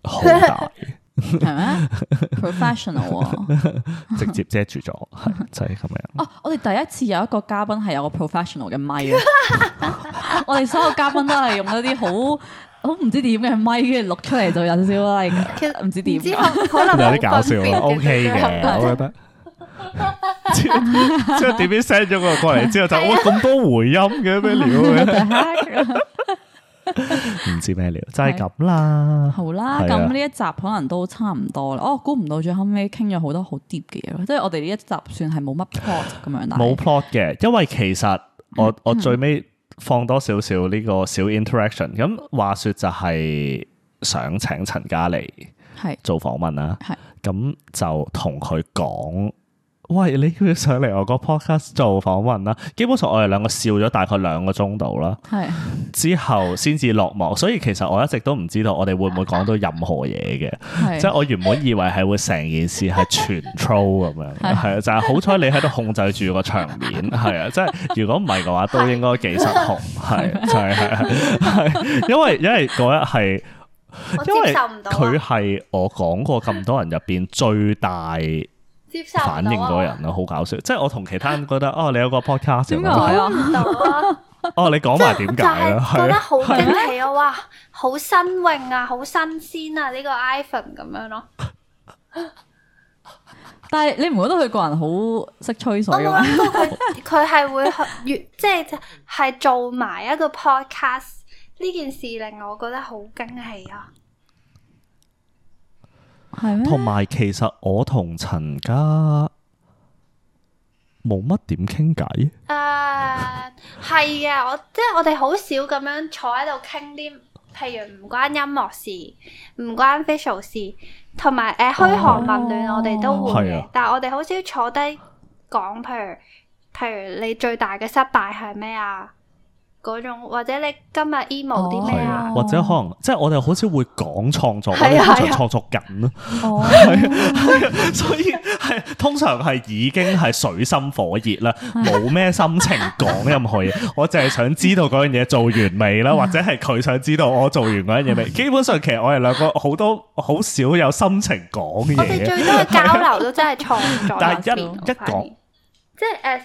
好大。係咩？professional 啊，直接遮住咗，就係咁樣。哦，我哋第一次有一個嘉賓係有個 professional 嘅咪。我哋所有嘉賓都係用一啲好，好唔知點嘅咪，跟住錄出嚟，就有少少。啦，唔知點。可能有啲搞笑，OK 嘅，我覺得。即係點樣 send 咗個過嚟之後就喂咁多回音嘅咩料嘅？唔 <laughs> 知咩料，就係咁啦。好啦，咁呢的一集可能都差唔多啦。哦，估唔到最後尾傾咗好多好 deep 嘅嘢，即係我哋呢一集算係冇乜 plot 咁樣。冇 plot 嘅，因為其實我、嗯、我最尾放多少少呢個小 interaction。咁話說就係想請陳嘉莉係做訪問啦。係咁就同佢講。喂，你叫佢上嚟我個 podcast 做訪問啦。基本上我哋兩個笑咗大概兩個鐘度啦，是之後先至落幕。所以其實我一直都唔知道我哋會唔會講到任何嘢嘅，是即係我原本以為係會成件事係全 true 咁樣，係啊是，就係、是、好彩你喺度控制住個場面，係啊， <laughs> 即係如果唔係嘅話都應該幾失控，係嗎就係、是、係，因為因為嗰日係，因為佢係我講過咁多人入邊最大，接反應嗰人啊，好搞笑！ <laughs> 即係我同其他人覺得哦， <laughs> 你有個 podcast，我諗唔 <laughs> 到。哦，你講埋點解啦？講、 <laughs> 就是、得好驚喜啊！ <laughs> 哇，好新穎啊，好新鮮啊！呢、這個 Ivan 咁樣咯。 <laughs> 但係你唔覺得佢個人好識吹水嘅咩？佢佢係會越即係係做埋一個 podcast 呢 <laughs> <laughs> 件事，令我覺得好驚喜啊！同埋，其實我同 CHANKA 冇乜點傾偈。誒，係啊，我即係我哋好少咁樣坐喺度傾啲，譬如唔關音樂事，唔關 facial 事，同埋誒噓寒問暖我哋都會，oh，但係我哋好少坐低講，譬如譬如你最大嘅失敗係咩啊？嗰種或者你今日 emo 啲咩啊？或者可能即係我哋好少會講創作，我哋好似創作緊咯。所以係通常係已經係水深火熱啦，冇咩心情講任何嘢。我淨係想知道嗰樣嘢做完未啦，或者係佢想知道我做完嗰樣嘢未。基本上其實我哋兩個好多好少有心情講嘢。我哋最多嘅交流都真係創作入邊。但係一一講即係誒，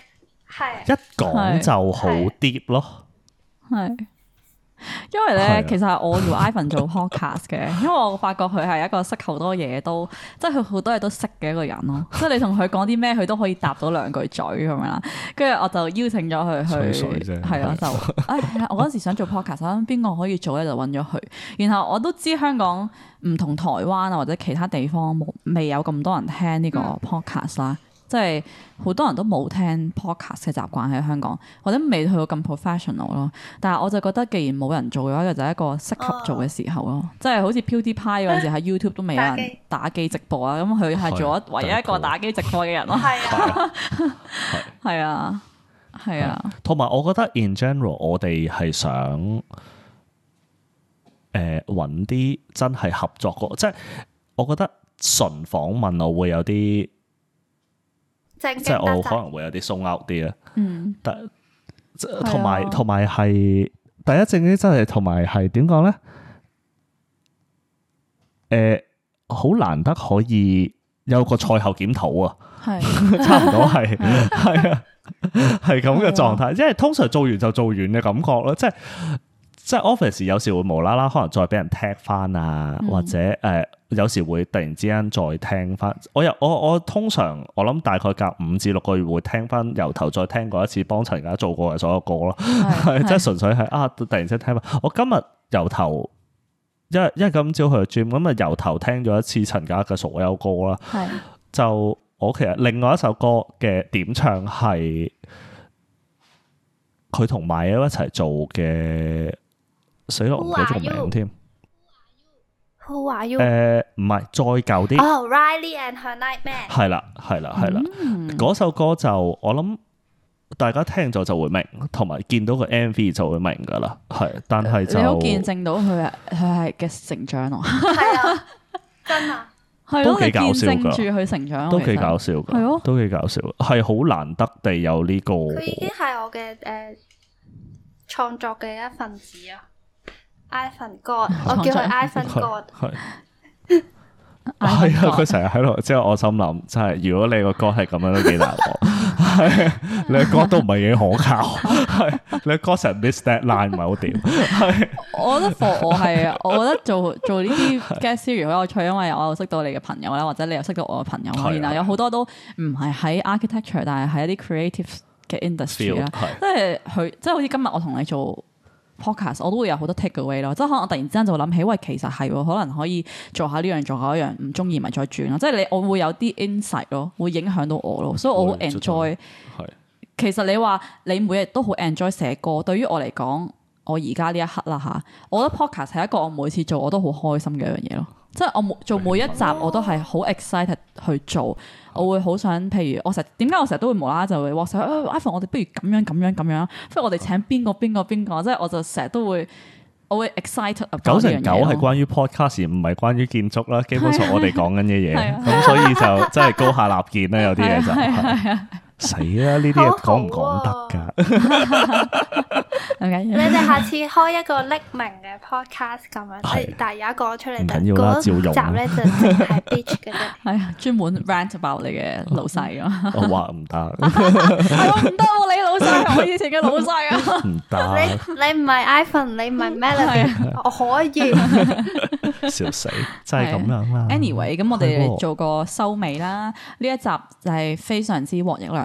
係一講就好啲咯。係，因為咧，是啊、其實我要 Ivan 做 podcast 嘅， <laughs> 因為我發覺佢係一個識好多嘢，都即係佢好多嘢都識嘅一個人咯。即係 <laughs> 你同佢講啲咩，佢都可以答到兩句嘴咁樣啦。跟住我就邀請咗佢去，係啊，就誒、哎，我嗰時想做 podcast，邊個可以做咧就搵咗佢。然後我都知香港唔同台灣啊或者其他地方冇未有咁多人聽呢個 podcast 啦。 <laughs> 即係好多人都冇聽 podcast 嘅習慣喺香港，或者未去到咁 professional 咯。但係我就覺得，既然冇人做嘅話，就係、是、一個適合做嘅時候咯。哦、即係好似 PewDiePie 嗰陣時喺 <laughs> YouTube 都未有人打機直播啊，咁佢係做唯一一個打機直播嘅人咯。係 <laughs> 啊，係啊，係 <laughs> 啊。同埋、啊、我覺得 in general，我哋係想誒搵啲真係合作過，即係我覺得純訪問我會有啲。即係我可能會有啲鬆拗啲啊，但同埋同埋係第一正經真係同埋係點講咧？誒，好、呃、難得可以有個賽後檢討啊，係是 <laughs> 差唔多係係 <laughs> 啊，係咁嘅狀態，即 <laughs> 因為通常做完就做完嘅感覺咯，即係。即係 office 有時會無啦啦，可能再俾人踢翻啊，嗯、或者誒、呃、有時會突然之間再聽翻。我又我我，我通常我諗大概隔五至六個月會聽翻由頭再聽過一次幫陳家做過嘅所有歌咯，是 <laughs> 即係純粹係啊突然之間聽翻。我今日由頭，因為因為今朝去 gym 咁啊由頭聽咗一次陳家嘅所有歌啦。是 就我其實另外一首歌嘅點唱係佢同埋嘢一齊做嘅。死咯！唔記得個名添。誒，唔係再舊啲。Riley and Her Night Man。係啦，係啦，係啦。嗰首歌就我諗大家聽咗就會明，同埋見到個 MV 就會明噶啦。係，但係就見證到佢係佢係嘅成長咯。係啊，真啊，係咯，見證住佢成長都幾搞笑噶，係咯，都幾搞笑。係好難得地有呢個，佢已經係我嘅誒創作嘅一份子啊。iPhone God，我叫佢 iPhone God。係啊，佢成日喺度，即係我心諗，真係如果你個歌係咁樣都幾難講。你個歌都唔係幾可靠。你個歌成日 miss that line，唔係好掂。係，我覺得我係啊。我覺得做做呢啲 guest series 好有趣，因為我又識到你嘅朋友咧，或者你又識到我嘅朋友，然後有好多都唔係喺 architecture，但係喺一啲 creative 嘅 industry 啦。即係佢，即係好似今日我同你做。Podcast 我都會有好多 takeaway 咯，即係可能我突然之間就諗起，喂，其實係喎，可能可以做下呢樣，做下嗰樣，唔中意咪再轉咯，即係你我會有啲 insight 咯，會影響到我咯，所以我好 enjoy、哦。係。其實你話的你，你每日都好 enjoy 寫歌，對於我嚟講，我而家呢一刻啦嚇，我覺得 Podcast 係一個我每次做我都好開心嘅一樣嘢咯。即係我做每一集我都係好 excited 去做，我會好想，譬如我成日點解我成日都會無啦啦就會 w h i p h o n e 我哋不如咁樣咁樣咁樣，不如我哋請邊個邊個邊個，即係我就成日都會，我會 excited。九成九係關於 podcast 唔係關於建築啦，基本上我哋講緊嘅嘢，咁、啊啊、所以就真係高下立見啦， <laughs> 有啲嘢就。死啦！呢啲唔講得噶。唔緊要，你哋下次開一個匿名嘅 podcast 咁樣，係，但有一個出嚟聽。唔緊要啦，照呢就係 beach 嘅啫，係啊，專門 r a n t about 你嘅老細咯。我話唔得，係喎，唔得，你老細係我以前嘅老細啊。唔得，你唔係 iPhone，你唔係 m e l o y 我可以。笑死，真係咁樣啦。anyway，咁我哋做個收尾啦。呢一集就係非常之獲益良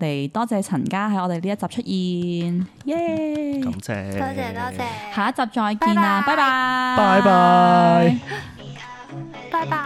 我哋多謝陳家喺我哋呢一集出現，耶！多謝，多謝，下一集再見啦！拜拜，拜拜，拜拜。